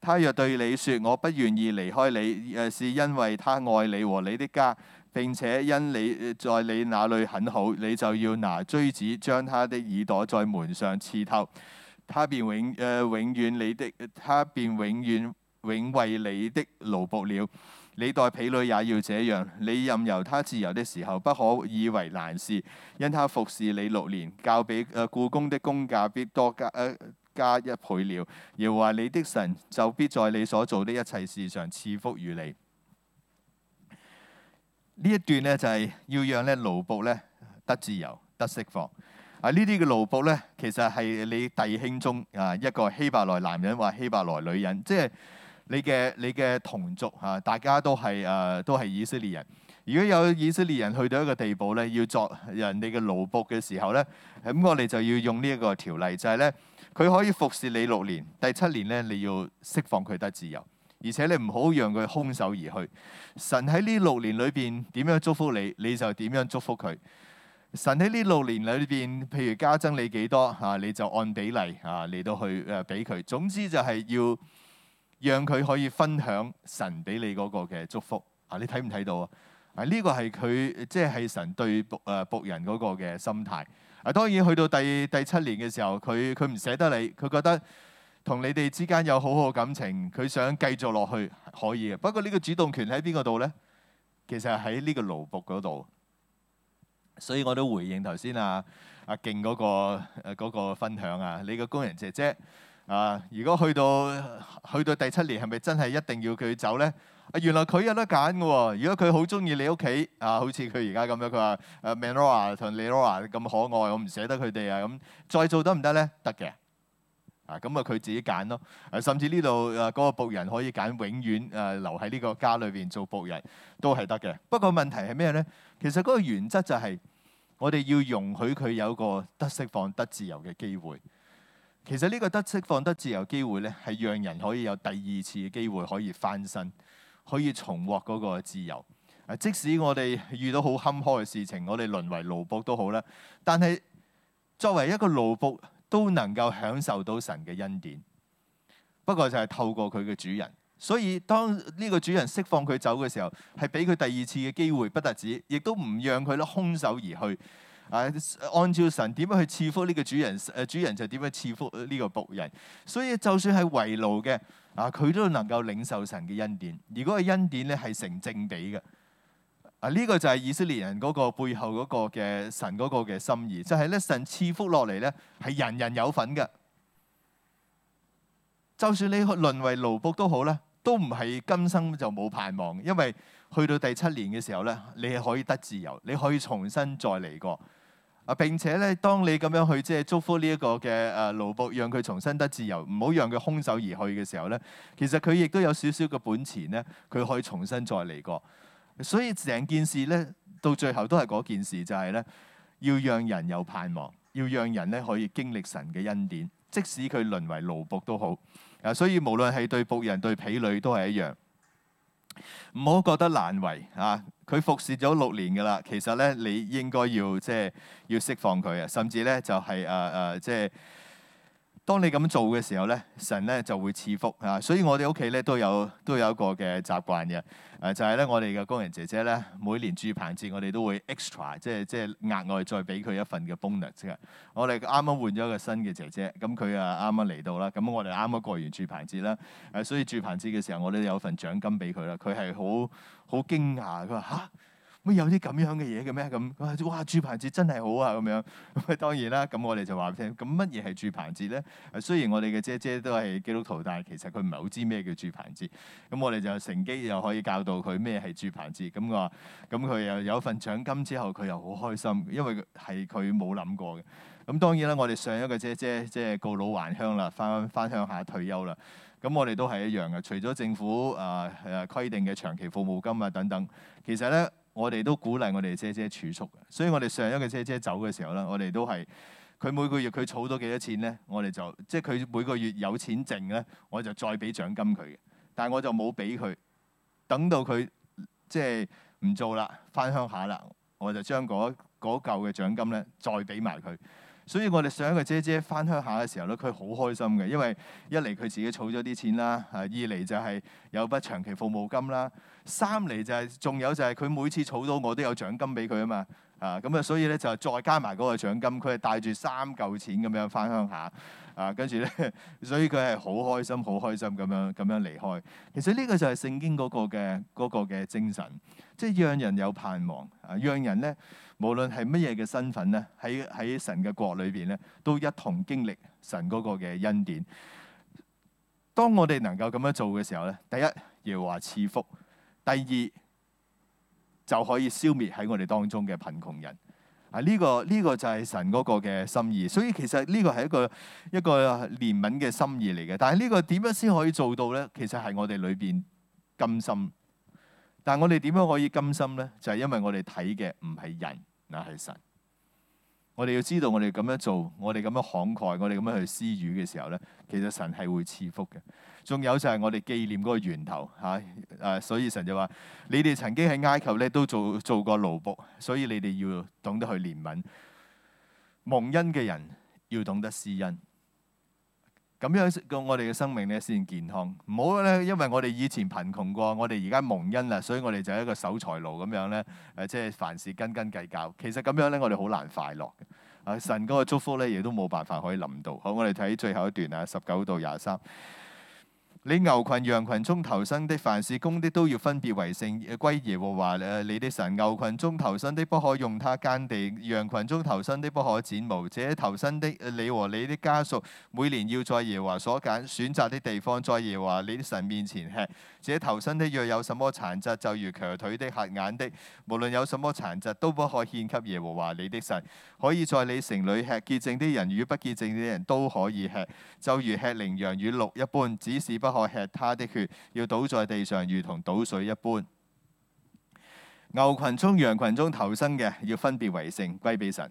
Speaker 1: 他若對你說：我不願意離開你、呃，是因為他愛你和你的家，並且因你，呃、在你那裏很好，你就要拿錐子將他的耳朵在門上刺透，他便永誒、呃、永遠你的，他便永遠永遠為你的奴僕了。你待婢女也要這樣，你任由他自由的時候，不可以為難事，因他服侍你六年，較比、呃、僱工的工價必多加。呃加一倍了，又話你的神就必在你所做的一切事上賜福於你。呢一段呢，就係、是、要讓咧奴僕咧得自由得釋放啊。呢啲嘅奴僕咧，其實係你弟兄中啊一個希伯來男人或希伯來女人，即係你嘅你嘅同族啊。大家都係誒、呃、都係以色列人。如果有以色列人去到一個地步咧，要作人哋嘅奴僕嘅時候咧，咁我哋就要用呢一個條例，就係、是、咧。佢可以服侍你六年，第七年咧，你要釋放佢得自由，而且你唔好讓佢空手而去。神喺呢六年裏邊點樣祝福你，你就點樣祝福佢。神喺呢六年裏邊，譬如加增你幾多啊，你就按比例啊嚟到去誒俾佢。總之就係要讓佢可以分享神俾你嗰個嘅祝福啊！你睇唔睇到啊？呢個係佢即係係神對僕誒僕人嗰個嘅心態。啊，當然去到第第七年嘅時候，佢佢唔捨得你，佢覺得同你哋之間有好好感情，佢想繼續落去，可以嘅。不過呢個主動權喺邊個度呢？其實喺呢個奴僕嗰度，所以我都回應頭先啊阿勁嗰個分享啊，你個工人姐姐啊，如果去到去到第七年，係咪真係一定要佢走呢？原來佢有得揀嘅喎。如果佢好中意你屋企啊，好似佢而家咁樣，佢話誒、啊、Manora 同 Lilora 咁可愛，我唔捨得佢哋啊。咁再做得唔得咧？得嘅啊。咁啊，佢自己揀咯，哦啊。甚至呢度誒嗰個僕人可以揀永遠誒、啊、留喺呢個家裏邊做僕人都係得嘅。不過問題係咩咧？其實嗰個原則就係我哋要容許佢有個得釋放得自由嘅機會。其實呢個得釋放得自由機會咧，係讓人可以有第二次嘅機會可以翻身。可以重獲嗰個自由。即使我哋遇到好坎坷嘅事情，我哋淪為奴僕都好啦。但係作為一個奴僕，都能夠享受到神嘅恩典。不過就係透過佢嘅主人。所以當呢個主人釋放佢走嘅時候，係俾佢第二次嘅機會，不單止，亦都唔讓佢咧空手而去。啊，按照神點樣去賜福呢個主人，誒主人就點樣賜福呢個僕人。所以就算係為奴嘅，啊佢都能夠領受神嘅恩典。而嗰個恩典咧係成正比嘅。啊、這、呢個就係以色列人嗰個背後嗰個嘅神嗰個嘅心意，就係、是、咧神賜福落嚟咧係人人有份嘅。就算你淪為奴僕都好啦，都唔係今生就冇盼望。因為去到第七年嘅時候咧，你係可以得自由，你可以重新再嚟過。啊！並且咧，當你咁樣去即係祝福呢一個嘅誒奴僕，讓佢重新得自由，唔好讓佢空手而去嘅時候咧，其實佢亦都有少少嘅本錢咧，佢可以重新再嚟過。所以成件事咧，到最後都係嗰件事，就係咧要讓人有盼望，要讓人咧可以經歷神嘅恩典，即使佢淪為奴僕都好。啊，所以無論係對僕人對婢女都係一樣。唔好覺得難為啊！佢服侍咗六年㗎喇，其實咧你應該要即係、就是、要釋放佢啊，甚至咧就係誒誒即係。呃呃就是當你咁做嘅時候咧，神咧就會賜福嚇，所以我哋屋企咧都有都有一個嘅習慣嘅，誒就係咧我哋嘅工人姐姐咧每年住棚節我哋都會 extra 即係即係額外再俾佢一份嘅 bonus 嘅。我哋啱啱換咗一個新嘅姐姐，咁佢啊啱啱嚟到啦，咁我哋啱啱過完住棚節啦，誒所以住棚節嘅時候我哋有份獎金俾佢啦，佢係好好驚訝，佢話嚇。乜有啲咁樣嘅嘢嘅咩咁哇？哇！住棚節真係好啊，咁樣咁當然啦。咁我哋就話俾佢聽咁乜嘢係住棚節咧？雖然我哋嘅姐姐都係基督徒，但係其實佢唔係好知咩叫住棚節。咁我哋就乘機又可以教導佢咩係住棚節。咁佢話咁佢又有份獎金之後，佢又好開心，因為係佢冇諗過嘅。咁當然啦，我哋上一個姐姐即係告老還鄉啦，翻翻鄉下退休啦。咁我哋都係一樣嘅，除咗政府啊誒、呃呃、規定嘅長期服務金啊等等，其實咧。我哋都鼓勵我哋姐姐儲蓄嘅，所以我哋上一個姐姐走嘅時候咧，我哋都係佢每個月佢儲咗幾多錢咧，我哋就即係佢每個月有錢剩咧，我就再俾獎金佢嘅。但係我就冇俾佢，等到佢即係唔做啦，翻鄉下啦，我就將嗰嚿嘅獎金咧再俾埋佢。所以我哋上一個姐姐翻鄉下嘅時候咧，佢好開心嘅，因為一嚟佢自己儲咗啲錢啦，二嚟就係有筆長期服務金啦。三嚟就係、是，仲有就係佢每次儲到，我都有獎金俾佢啊嘛。啊，咁啊，所以咧就再加埋嗰個獎金，佢係帶住三嚿錢咁樣翻鄉下啊。跟住咧，所以佢係好開心，好開心咁樣咁樣離開。其實呢個就係聖經嗰個嘅嗰嘅精神，即、就、係、是、讓人有盼望啊。讓人咧，無論係乜嘢嘅身份咧，喺喺神嘅國裏邊咧，都一同經歷神嗰個嘅恩典。當我哋能夠咁樣做嘅時候咧，第一要話賜福，第二就可以消滅喺我哋當中嘅貧窮人啊！呢個呢個就係神嗰個嘅心意，所以其實呢個係一個一個憐憫嘅心意嚟嘅。但係呢個點樣先可以做到咧？其實係我哋裏邊甘心。但係我哋點樣可以甘心咧？就係、是、因為我哋睇嘅唔係人，而係神。我哋要知道，我哋咁樣做，我哋咁樣慷慨，我哋咁樣去施予嘅時候咧，其實神係會賜福嘅。仲有就係我哋紀念嗰個源頭，吓，誒，所以神就話：你哋曾經喺埃及咧都做做過奴僕，所以你哋要懂得去憐憫蒙恩嘅人，要懂得施恩。咁樣個我哋嘅生命咧先健康，唔好咧，因為我哋以前貧窮過，我哋而家蒙恩啦，所以我哋就係一個守財奴咁樣咧，誒、呃，即係凡事斤斤計較。其實咁樣咧，我哋好難快樂嘅、啊。神嗰個祝福咧，亦都冇辦法可以臨到。好，我哋睇最後一段啊，十九到廿三。你牛群、羊群中投生的，凡是公的都要分別為聖，歸耶和華你的神。牛群中投生的不可用它耕地，羊群中投生的不可剪毛。這投生的，你和你的家屬，每年要在耶和華所揀選擇的地方，在耶和華你的神面前吃。這投生的若有什麼殘疾，就如瘸腿的、瞎眼的，無論有什麼殘疾，都不可獻給耶和華你的神。可以在你城裡吃潔淨的人與不潔淨的人都可以吃，就如吃羚羊與鹿一般，只是不可。我吃他的血，要倒在地上，如同倒水一般。牛群中、羊群中頭生嘅，要分別為聖，歸俾神。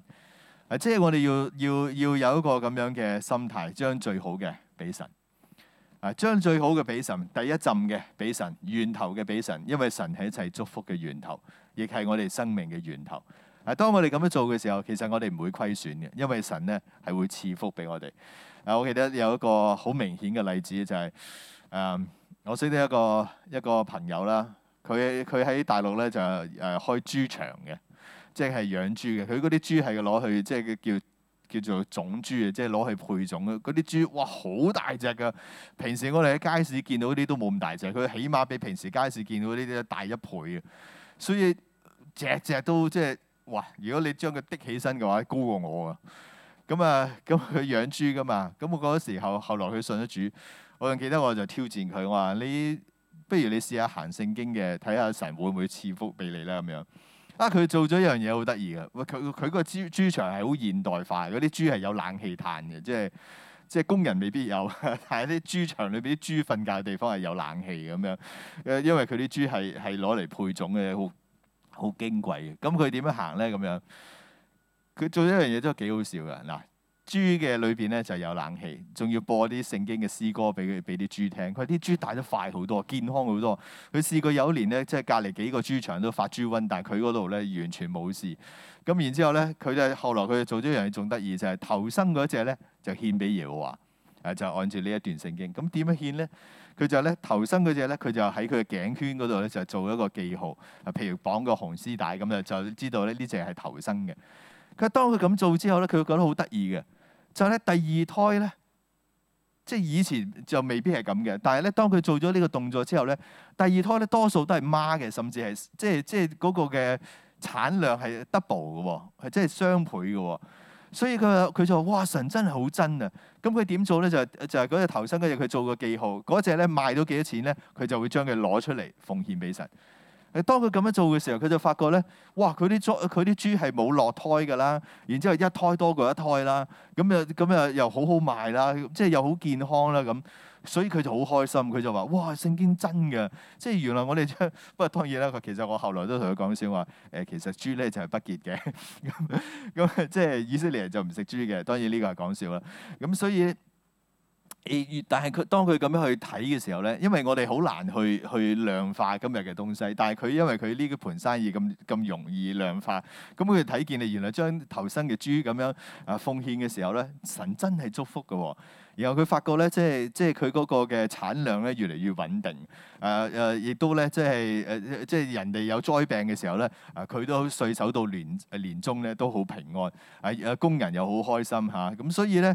Speaker 1: 啊，即係我哋要要要有一個咁樣嘅心態，將最好嘅俾神。啊，將最好嘅俾神，第一浸嘅俾神，源頭嘅俾神，因為神係一切祝福嘅源頭，亦係我哋生命嘅源頭。啊，當我哋咁樣做嘅時候，其實我哋唔會虧損嘅，因為神呢係會賜福俾我哋。啊，我記得有一個好明顯嘅例子就係、是。誒，um, 我識得一個一個朋友啦。佢佢喺大陸咧就誒、呃、開豬場嘅，即係養豬嘅。佢嗰啲豬係攞去即係叫叫做種豬嘅，即係攞去配種咯。嗰啲豬哇好大隻噶，平時我哋喺街市見到啲都冇咁大隻，佢起碼比平時街市見到呢啲大一倍嘅。所以隻隻都即係哇！如果你將佢啲起身嘅話，高過我啊。咁啊，咁佢養豬噶嘛。咁我嗰時候後來佢信咗主。我仲記得，我就挑戰佢，我話你不如你試下行聖經嘅，睇下神會唔會賜福俾你啦，咁樣啊！佢做咗一樣嘢好得意嘅，佢佢個豬豬場係好現代化，嗰啲豬係有冷氣嘆嘅，即係即係工人未必有，但係啲豬場裏邊啲豬瞓覺嘅地方係有冷氣咁樣。誒，因為佢啲豬係係攞嚟配種嘅，好好矜貴嘅。咁佢點樣行咧？咁樣佢做咗一樣嘢都幾好笑嘅嗱。豬嘅裏邊咧就有冷氣，仲要播啲聖經嘅詩歌俾佢俾啲豬聽。佢話啲豬大得快好多，健康好多。佢試過有一年咧，即係隔離幾個豬場都發豬瘟，但係佢嗰度咧完全冇事。咁然之後咧，佢就後來佢做咗一樣嘢，仲得意就係、是、頭生嗰隻咧就獻俾耶和華。誒就按照呢一段聖經。咁點樣獻咧？佢就咧頭生嗰隻咧，佢就喺佢嘅頸圈嗰度咧就做一個記號，譬如綁個紅絲帶咁樣，就知道咧呢隻係頭生嘅。佢當佢咁做之後咧，佢會覺得好得意嘅。就咧第二胎咧，即係以前就未必係咁嘅。但係咧，當佢做咗呢個動作之後咧，第二胎咧多數都係孖嘅，甚至係即係即係嗰個嘅產量係 double 嘅，係即係雙倍嘅。所以佢佢就話：哇，神真係好真啊！咁佢點做咧？就是、就係、是、嗰隻頭生嗰隻，佢做個記號，嗰隻咧賣到幾多錢咧，佢就會將佢攞出嚟奉獻俾神。誒當佢咁樣做嘅時候，佢就發覺咧，哇！佢啲豬佢啲豬係冇落胎噶啦，然之後一胎多過一胎啦，咁又咁又又好好賣啦，即係又好健康啦咁，所以佢就好開心，佢就話：哇！聖經真嘅，即係原來我哋即不過當然啦。佢其實我後來都同佢講笑話，誒其實豬咧就係不潔嘅，咁 咁即係以色列人就唔食豬嘅。當然呢個係講笑啦。咁所以。誒但係佢當佢咁樣去睇嘅時候咧，因為我哋好難去去量化今日嘅東西，但係佢因為佢呢個盤生意咁咁容易量化，咁佢睇見你原來將頭生嘅豬咁樣啊奉獻嘅時候咧，神真係祝福嘅、哦。然後佢發覺咧，即係即係佢嗰個嘅產量咧越嚟越穩定。誒、呃、誒，亦都咧即係誒即係人哋有災病嘅時候咧，啊佢都好歲首到年年終咧都好平安。誒、啊、工人又好開心嚇，咁、啊、所以咧。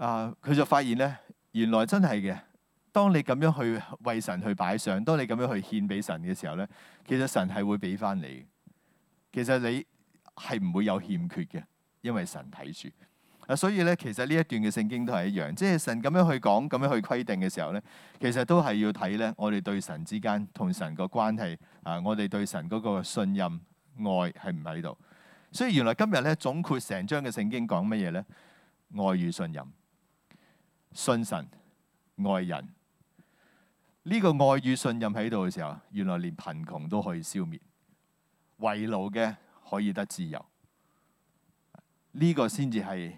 Speaker 1: 啊！佢就發現咧，原來真係嘅。當你咁樣去為神去擺上，當你咁樣去獻俾神嘅時候咧，其實神係會俾翻你。其實你係唔會有欠缺嘅，因為神睇住啊。所以咧，其實呢一段嘅聖經都係一樣，即係神咁樣去講、咁樣去規定嘅時候咧，其實都係要睇咧我哋對神之間同神個關係啊，我哋對神嗰個信任愛係唔喺度。所以原來今日咧總括成章嘅聖經講乜嘢咧？愛與信任。信神、愛人，呢個愛與信任喺度嘅時候，原來連貧窮都可以消滅，為奴嘅可以得自由。呢個先至係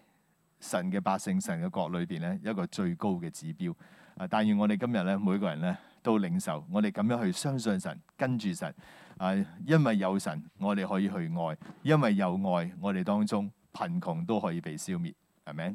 Speaker 1: 神嘅百姓、神嘅國裏邊咧一個最高嘅指標。啊，但願我哋今日咧，每個人咧都領受，我哋咁樣去相信神，跟住神。啊，因為有神，我哋可以去愛；因為有愛，我哋當中貧窮都可以被消滅。阿們？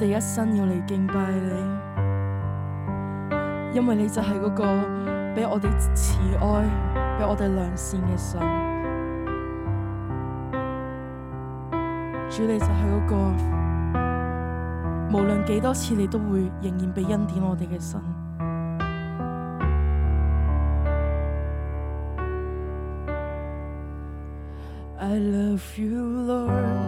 Speaker 2: 我哋一生要嚟敬拜你，因為你就係嗰個俾我哋慈愛、俾我哋良善嘅神。主，你就係嗰個，無論幾多次你都會仍然俾恩典我哋嘅神。I love you,Lord.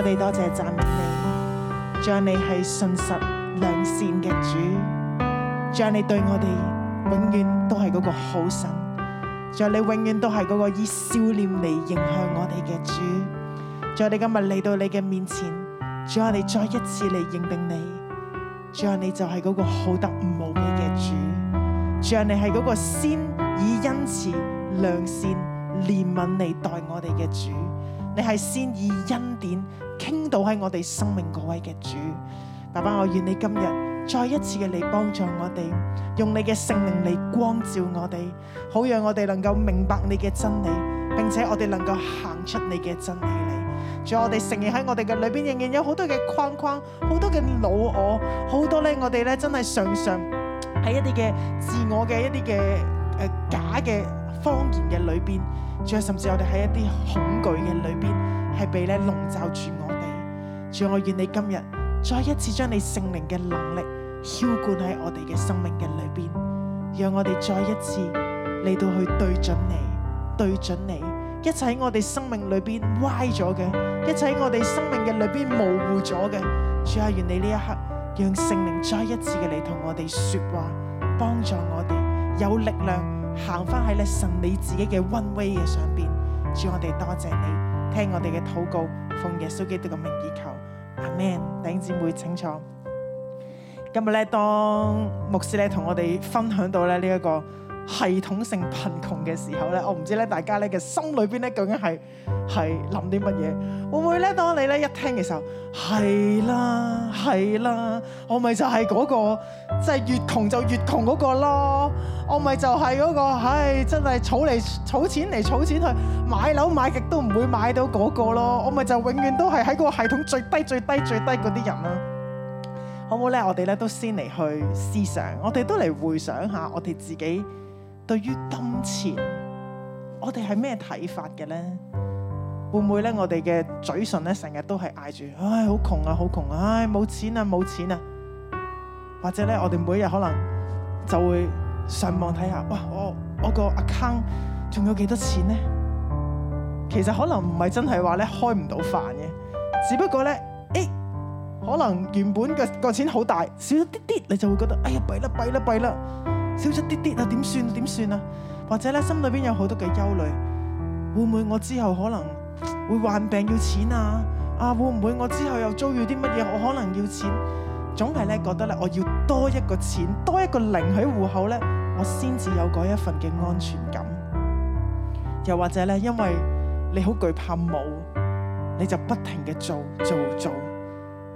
Speaker 3: 我哋多謝讚美你，將你係信實良善嘅主，將你對我哋永遠都係嗰個好神，將你永遠都係嗰個以笑臉嚟迎向我哋嘅主。將你今日嚟到你嘅面前，將你再一次嚟認定你，將你就係嗰個好得無比嘅主，將你係嗰個先以恩慈良善憐憫嚟待我哋嘅主。你係先以恩典傾倒喺我哋生命嗰位嘅主，爸爸，我願你今日再一次嘅嚟幫助我哋，用你嘅聖靈嚟光照我哋，好讓我哋能夠明白你嘅真理，並且我哋能夠行出你嘅真理嚟。仲有我哋承認喺我哋嘅裏邊，仍然有好多嘅框框，好多嘅老我，好多咧，我哋咧真係常常喺一啲嘅自我嘅一啲嘅誒假嘅方言嘅裏邊。主啊，甚至我哋喺一啲恐懼嘅裏邊，係被咧籠罩住我哋。主啊，我願你今日再一次將你聖靈嘅能力澆灌喺我哋嘅生命嘅裏邊，讓我哋再一次嚟到去對準你，對準你，一切喺我哋生命裏邊歪咗嘅，一切喺我哋生命嘅裏邊模糊咗嘅。主啊，願你呢一刻，讓聖靈再一次嘅嚟同我哋說話，幫助我哋有力量。行翻喺咧神你自己嘅恩威嘅上邊，主，我哋多謝你，聽我哋嘅禱告，奉耶穌基督嘅名而求，阿門。弟兄姊妹，請坐。今日咧，當牧師咧同我哋分享到咧呢一個，系統性貧窮嘅時候呢，我唔知咧，大家呢嘅心裏邊呢，究竟係係諗啲乜嘢？會唔會呢？當你呢一聽嘅時候，係啦係啦，我咪就係嗰個即係越窮就越窮嗰個咯。我咪就係嗰個唉，真係儲嚟儲錢嚟儲錢去買樓買極都唔會買到嗰個咯。我咪就永遠都係喺嗰個系統最低最低最低嗰啲人啦。好唔好呢？我哋呢都先嚟去思想，我哋都嚟回想下我哋自己。對於金錢，我哋係咩睇法嘅咧？會唔會咧？我哋嘅嘴唇咧，成日都係嗌住：唉，好窮啊，好窮啊，唉，冇錢啊，冇錢啊！或者咧，我哋每日可能就會上網睇下，哇，我我個 account 仲有幾多錢呢？其實可能唔係真係話咧開唔到飯嘅，只不過咧，誒、欸，可能原本嘅個錢好大，少一啲啲，你就會覺得，哎呀，弊啦，弊啦，弊啦！少咗啲啲啊，點算點算啊？或者咧，心裏邊有好多嘅憂慮，會唔會我之後可能會患病要錢啊？啊，會唔會我之後又遭遇啲乜嘢？我可能要錢，總係咧覺得咧，我要多一個錢，多一個零喺戶口咧，我先至有嗰一份嘅安全感。又或者咧，因為你好懼怕冇，你就不停嘅做做做，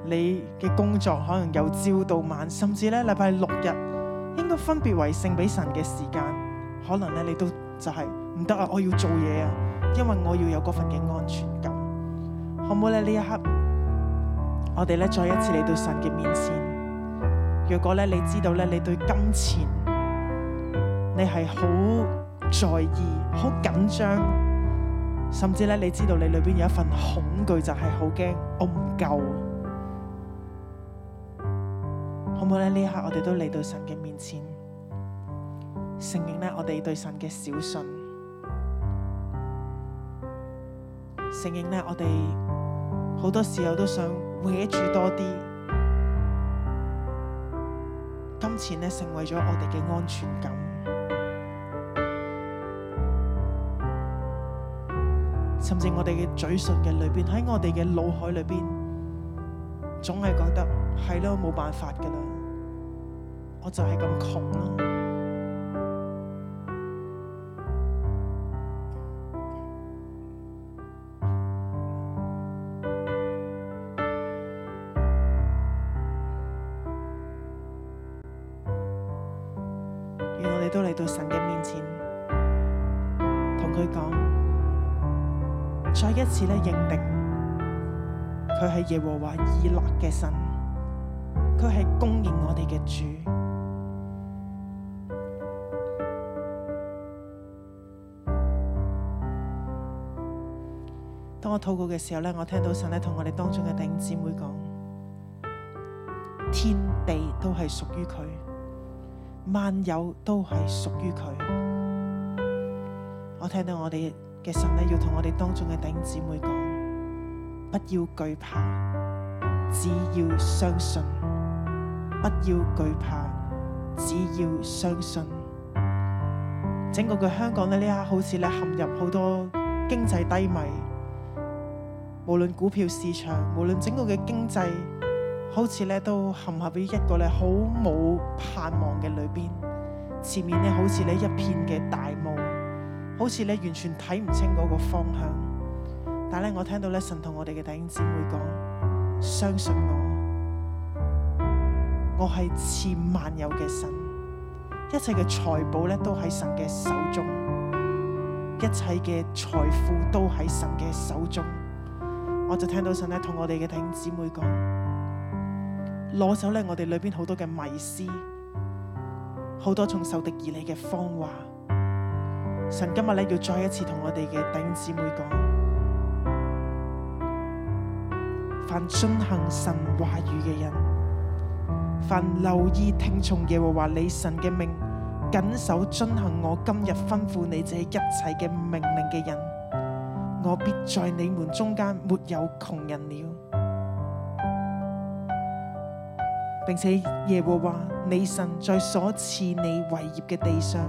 Speaker 3: 你嘅工作可能由朝到晚，甚至咧禮拜六日。應該分別為聖俾神嘅時間，可能咧你都就係唔得啊！我要做嘢啊，因為我要有嗰份嘅安全感。可唔可以呢一刻，我哋咧再一次嚟到神嘅面前？若果咧你知道咧你對金錢，你係好在意、好緊張，甚至咧你知道你裏邊有一份恐懼，就係好驚我唔夠。好唔好呢？呢刻我哋都嚟到神嘅面前，承認呢我哋對神嘅小信，承認呢我哋好多時候都想握住多啲金錢呢，成為咗我哋嘅安全感，甚至我哋嘅嘴唇嘅裏邊，喺我哋嘅腦海裏邊，總係覺得係咯，冇辦法㗎啦。我就係咁窮咯。原來我哋都嚟到神嘅面前，同佢講，再一次咧認定，佢係耶和華以勒嘅神，佢係供應我哋嘅主。我禱告嘅時候咧，我聽到神咧同我哋當中嘅弟兄姊妹講：天地都係屬於佢，萬有都係屬於佢。我聽到我哋嘅神咧要同我哋當中嘅弟兄姊妹講：不要懼怕，只要相信；不要懼怕，只要相信。整個嘅香港呢，呢刻好似咧陷入好多經濟低迷。無論股票市場，無論整個嘅經濟，好似咧都陷喺於一個咧好冇盼望嘅裏面。前面咧好似咧一片嘅大霧，好似咧完全睇唔清嗰個方向。但咧我聽到咧神同我哋嘅弟兄姊妹講：相信我，我係前萬有嘅神，一切嘅財寶咧都喺神嘅手中，一切嘅財富都喺神嘅手中。我就聽到神咧同我哋嘅弟兄姊妹講，攞走咧我哋裏邊好多嘅迷思，好多從仇敵而嚟嘅謊話。神今日咧要再一次同我哋嘅弟兄姊妹講，凡遵行神話語嘅人，凡留意聽從耶和華你神嘅命，緊守遵行我今日吩咐你這一切嘅命令嘅人。我必在你們中間沒有窮人了，並且耶和華你神在所賜你為業嘅地上，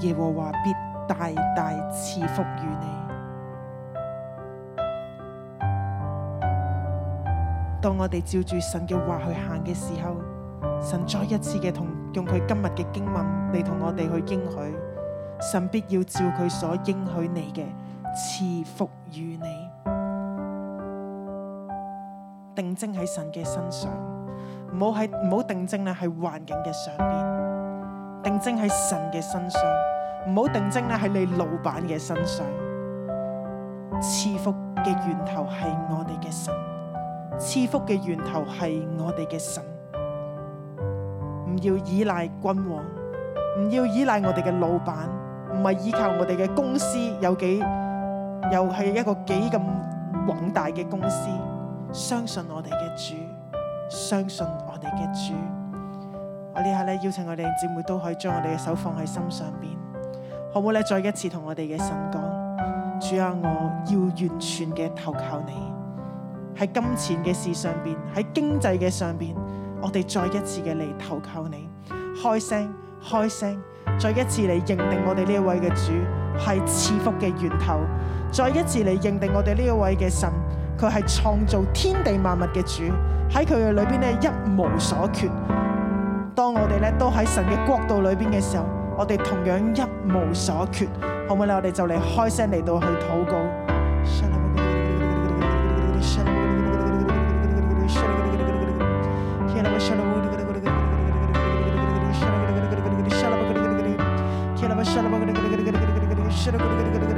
Speaker 3: 耶和華必大大賜福於你。當我哋照住神嘅話去行嘅時候，神再一次嘅同用佢今日嘅經文嚟同我哋去應許，神必要照佢所應許你嘅。賜福於你，定睛喺神嘅身上，唔好喺唔好定睛咧，喺環境嘅上面。定睛喺神嘅身上，唔好定睛咧，喺你老闆嘅身上。賜福嘅源頭係我哋嘅神，賜福嘅源頭係我哋嘅神。唔要依賴君王，唔要依賴我哋嘅老闆，唔係依靠我哋嘅公司有幾。又係一個幾咁廣大嘅公司，相信我哋嘅主，相信我哋嘅主。我呢下咧邀請我哋姊妹都可以將我哋嘅手放喺心上邊，可唔可以再一次同我哋嘅神講，主啊，我要完全嘅投靠你。喺金錢嘅事上邊，喺經濟嘅上邊，我哋再一次嘅嚟投靠你，開聲，開聲，再一次嚟認定我哋呢一位嘅主係賜福嘅源頭。再一次嚟認定我哋呢一位嘅神，佢係創造天地萬物嘅主，喺佢嘅裏邊呢，一無所缺。當我哋咧都喺神嘅國度裏邊嘅時候，我哋同樣一無所缺，好唔好咧？我哋就嚟開聲嚟到去禱告。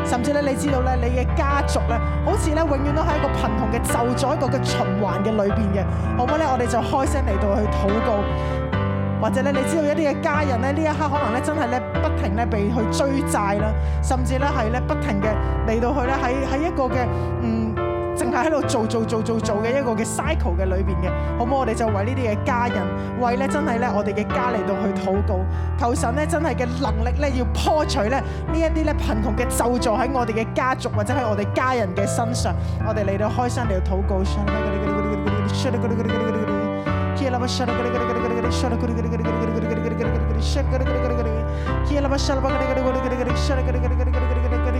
Speaker 3: 甚至咧，你知道咧，你嘅家族咧，好似咧，永遠都喺一個貧窮嘅就咗一個嘅循環嘅裏邊嘅，好冇咧，我哋就開聲嚟到去禱告，或者咧，你知道一啲嘅家人咧，呢一刻可能咧，真係咧，不停咧被去追債啦，甚至咧係咧，不停嘅嚟到去咧，喺喺一個嘅嗯。淨係喺度做做做做做嘅一個嘅 cycle 嘅裏邊嘅，好冇？我哋就為呢啲嘅家人，為咧真係咧我哋嘅家嚟到去禱告，求神咧真係嘅能力咧要破除咧呢一啲咧貧窮嘅咒詛喺我哋嘅家族或者喺我哋家人嘅身上，我哋嚟到開心嚟到禱
Speaker 4: 告，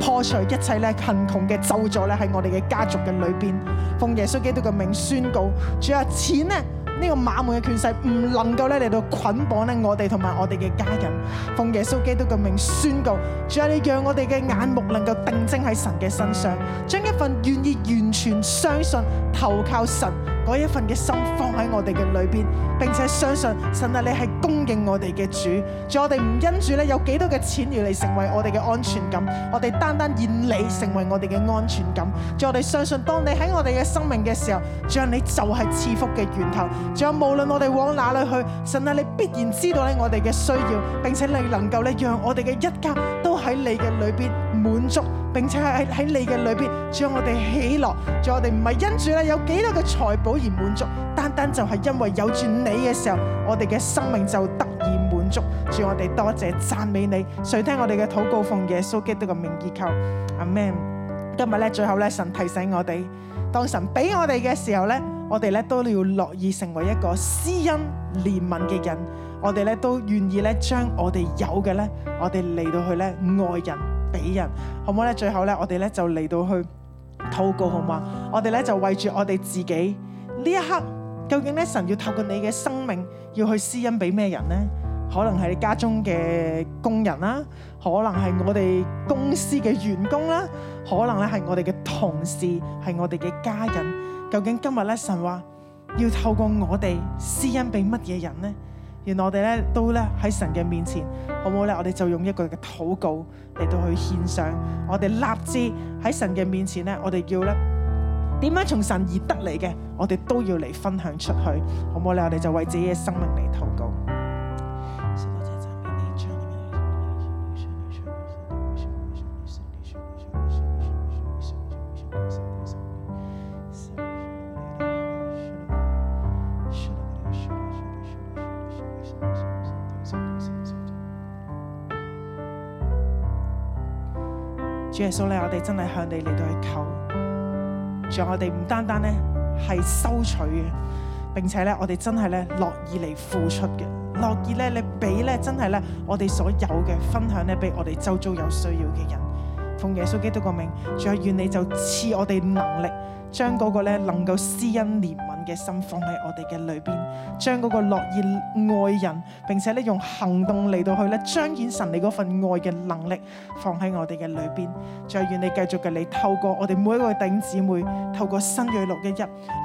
Speaker 3: 破除一切咧貧窮嘅咒助咧喺我哋嘅家族嘅裏邊，奉耶穌基督嘅名宣告，主啊，錢咧呢個馬門嘅權勢唔能夠咧嚟到捆綁咧我哋同埋我哋嘅家人，奉耶穌基督嘅名宣告，主啊，你讓我哋嘅眼目能夠定睛喺神嘅身上，將一份願意完全相信投靠神。攞一份嘅心放喺我哋嘅裏邊，並且相信神啊，你係供應我哋嘅主，仲有我哋唔因住咧有幾多嘅錢而嚟，成為我哋嘅安全感，我哋單單認你成為我哋嘅安全感。仲有我哋相信，當你喺我哋嘅生命嘅時候，將你就係賜福嘅源頭。仲有無論我哋往哪裏去，神啊，你必然知道咧我哋嘅需要，並且你能夠咧讓我哋嘅一家，喺你嘅裏邊滿足，並且喺喺你嘅裏邊將我哋喜樂，住我哋唔係因住咧有幾多嘅財寶而滿足，單單就係因為有住你嘅時候，我哋嘅生命就得以滿足。住我哋多謝讚美你，想聽我哋嘅禱告，奉耶穌基督嘅名而求，阿門。今日咧最後咧，神提醒我哋，當神俾我哋嘅時候咧，我哋咧都要樂意成為一個施恩憐憫嘅人。我哋咧都願意咧，將我哋有嘅咧，我哋嚟到去咧愛人俾人，好唔好咧？最後咧，我哋咧就嚟到去禱告好唔好？我哋咧就為住我哋自己呢一刻，究竟咧神要透過你嘅生命要去施恩俾咩人咧？可能係你家中嘅工人啦，可能係我哋公司嘅員工啦，可能咧係我哋嘅同事，係我哋嘅家人。究竟今日咧神話要透過我哋施恩俾乜嘢人咧？原來我哋咧都咧喺神嘅面前，好唔好咧？我哋就用一個嘅禱告嚟到去獻上，我哋立志喺神嘅面前咧，我哋要咧點樣從神而得嚟嘅，我哋都要嚟分享出去，好唔好咧？我哋就為自己嘅生命嚟禱告。主耶穌咧，我哋真係向你嚟到去求，仲有，我哋唔單單咧係收取嘅，並且咧我哋真係咧樂意嚟付出嘅，樂意咧你俾咧真係咧我哋所有嘅分享咧俾我哋周遭有需要嘅人。奉耶穌基督嘅名，仲有願你就賜我哋能力，將嗰個咧能夠施恩憐。嘅心放喺我哋嘅裏邊，將嗰個樂意愛人，並且咧用行動嚟到去咧彰顯神你嗰份愛嘅能力放，放喺我哋嘅裏邊。再願你繼續嘅你，透過我哋每一個弟姊妹，透過新銳六一一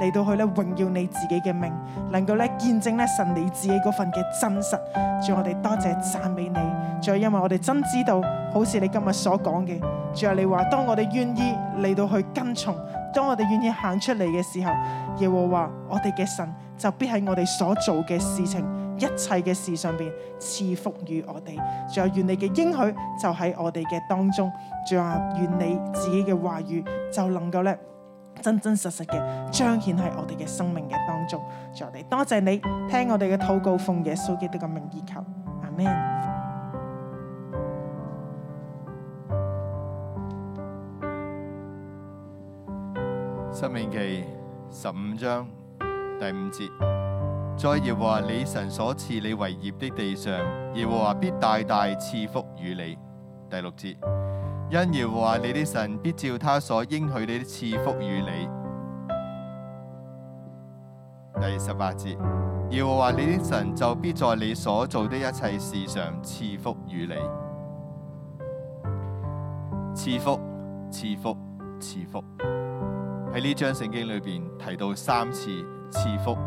Speaker 3: 嚟到去咧榮耀你自己嘅名，能夠咧見證咧神你自己嗰份嘅真實。主我哋多謝，謝讚美你，仲有因為我哋真知道，好似你今日所講嘅，主啊，你話當我哋願意嚟到去跟從。當我哋願意行出嚟嘅時候，耶和華，我哋嘅神就必喺我哋所做嘅事情，一切嘅事上邊賜福於我哋，仲有願你嘅應許就喺我哋嘅當中，仲有願你自己嘅話語就能夠咧真真實實嘅彰顯喺我哋嘅生命嘅當中。仲有我哋多謝你聽我哋嘅禱告，奉耶穌基督嘅名祈求，阿門。
Speaker 1: 申命記十五章第五節：在耶和華你神所賜你為業的地上，耶和華必大大賜福與你。第六節：因耶和華你的神必照他所應許你的賜福與你。第十八節：耶和華你的神就必在你所做的一切事上賜福與你。賜福，賜福，賜福。喺呢章聖經裏邊提到三次賜福，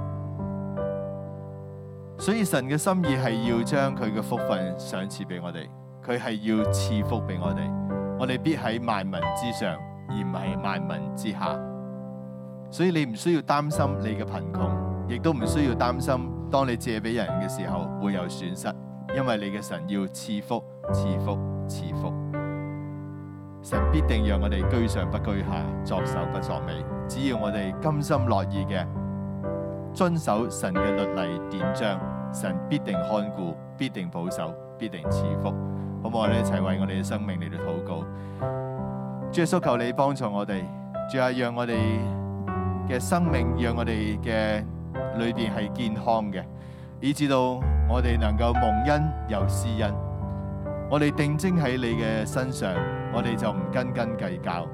Speaker 1: 所以神嘅心意係要將佢嘅福分賞賜俾我哋，佢係要賜福俾我哋，我哋必喺萬民之上，而唔係萬民之下。所以你唔需要擔心你嘅貧窮，亦都唔需要擔心當你借俾人嘅時候會有損失，因為你嘅神要賜福、賜福、賜福。神必定讓我哋居上不居下，作首不作尾。只要我哋甘心樂意嘅遵守神嘅律例典章，神必定看顧，必定保守，必定賜福。好唔好？咁我哋一齊為我哋嘅生命嚟到禱告。主耶穌求你幫助我哋，主啊，讓我哋嘅生命，讓我哋嘅裏邊係健康嘅，以至到我哋能夠蒙恩又施恩。我哋定睛喺你嘅身上，我哋就唔斤斤計較。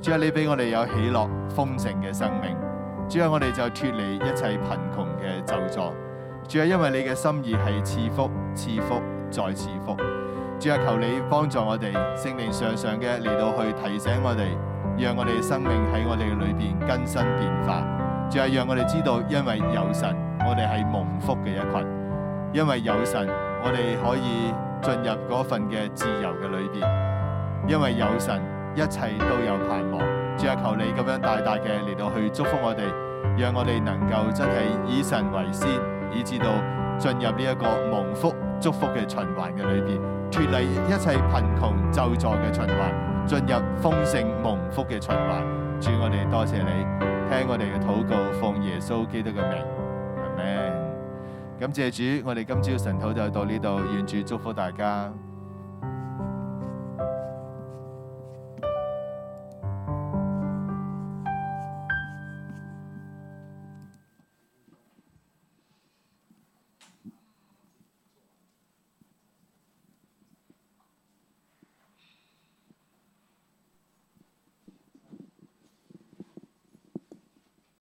Speaker 1: 主啊，你俾我哋有喜樂豐盛嘅生命。主啊，我哋就脫離一切貧窮嘅咒詛。主啊，因為你嘅心意係賜福、賜福再賜福。主啊，求你幫助我哋，聖靈上上嘅嚟到去提醒我哋，讓我哋生命喺我哋裏邊更新變化。主啊，讓我哋知道因，因為有神，我哋係蒙福嘅一群。因為有神，我哋可以。進入嗰份嘅自由嘅裏邊，因為有神，一切都有盼望。主啊，求你咁樣大大嘅嚟到去祝福我哋，讓我哋能夠真係以神為先，以至到進入呢一個蒙福祝福嘅循環嘅裏邊，脫離一切貧窮咒詛嘅循環，進入豐盛蒙福嘅循環。主，我哋多謝你，聽我哋嘅禱告，奉耶穌基督嘅名，阿門。感謝主，我哋今朝晨禱就到呢度，願主祝福大家。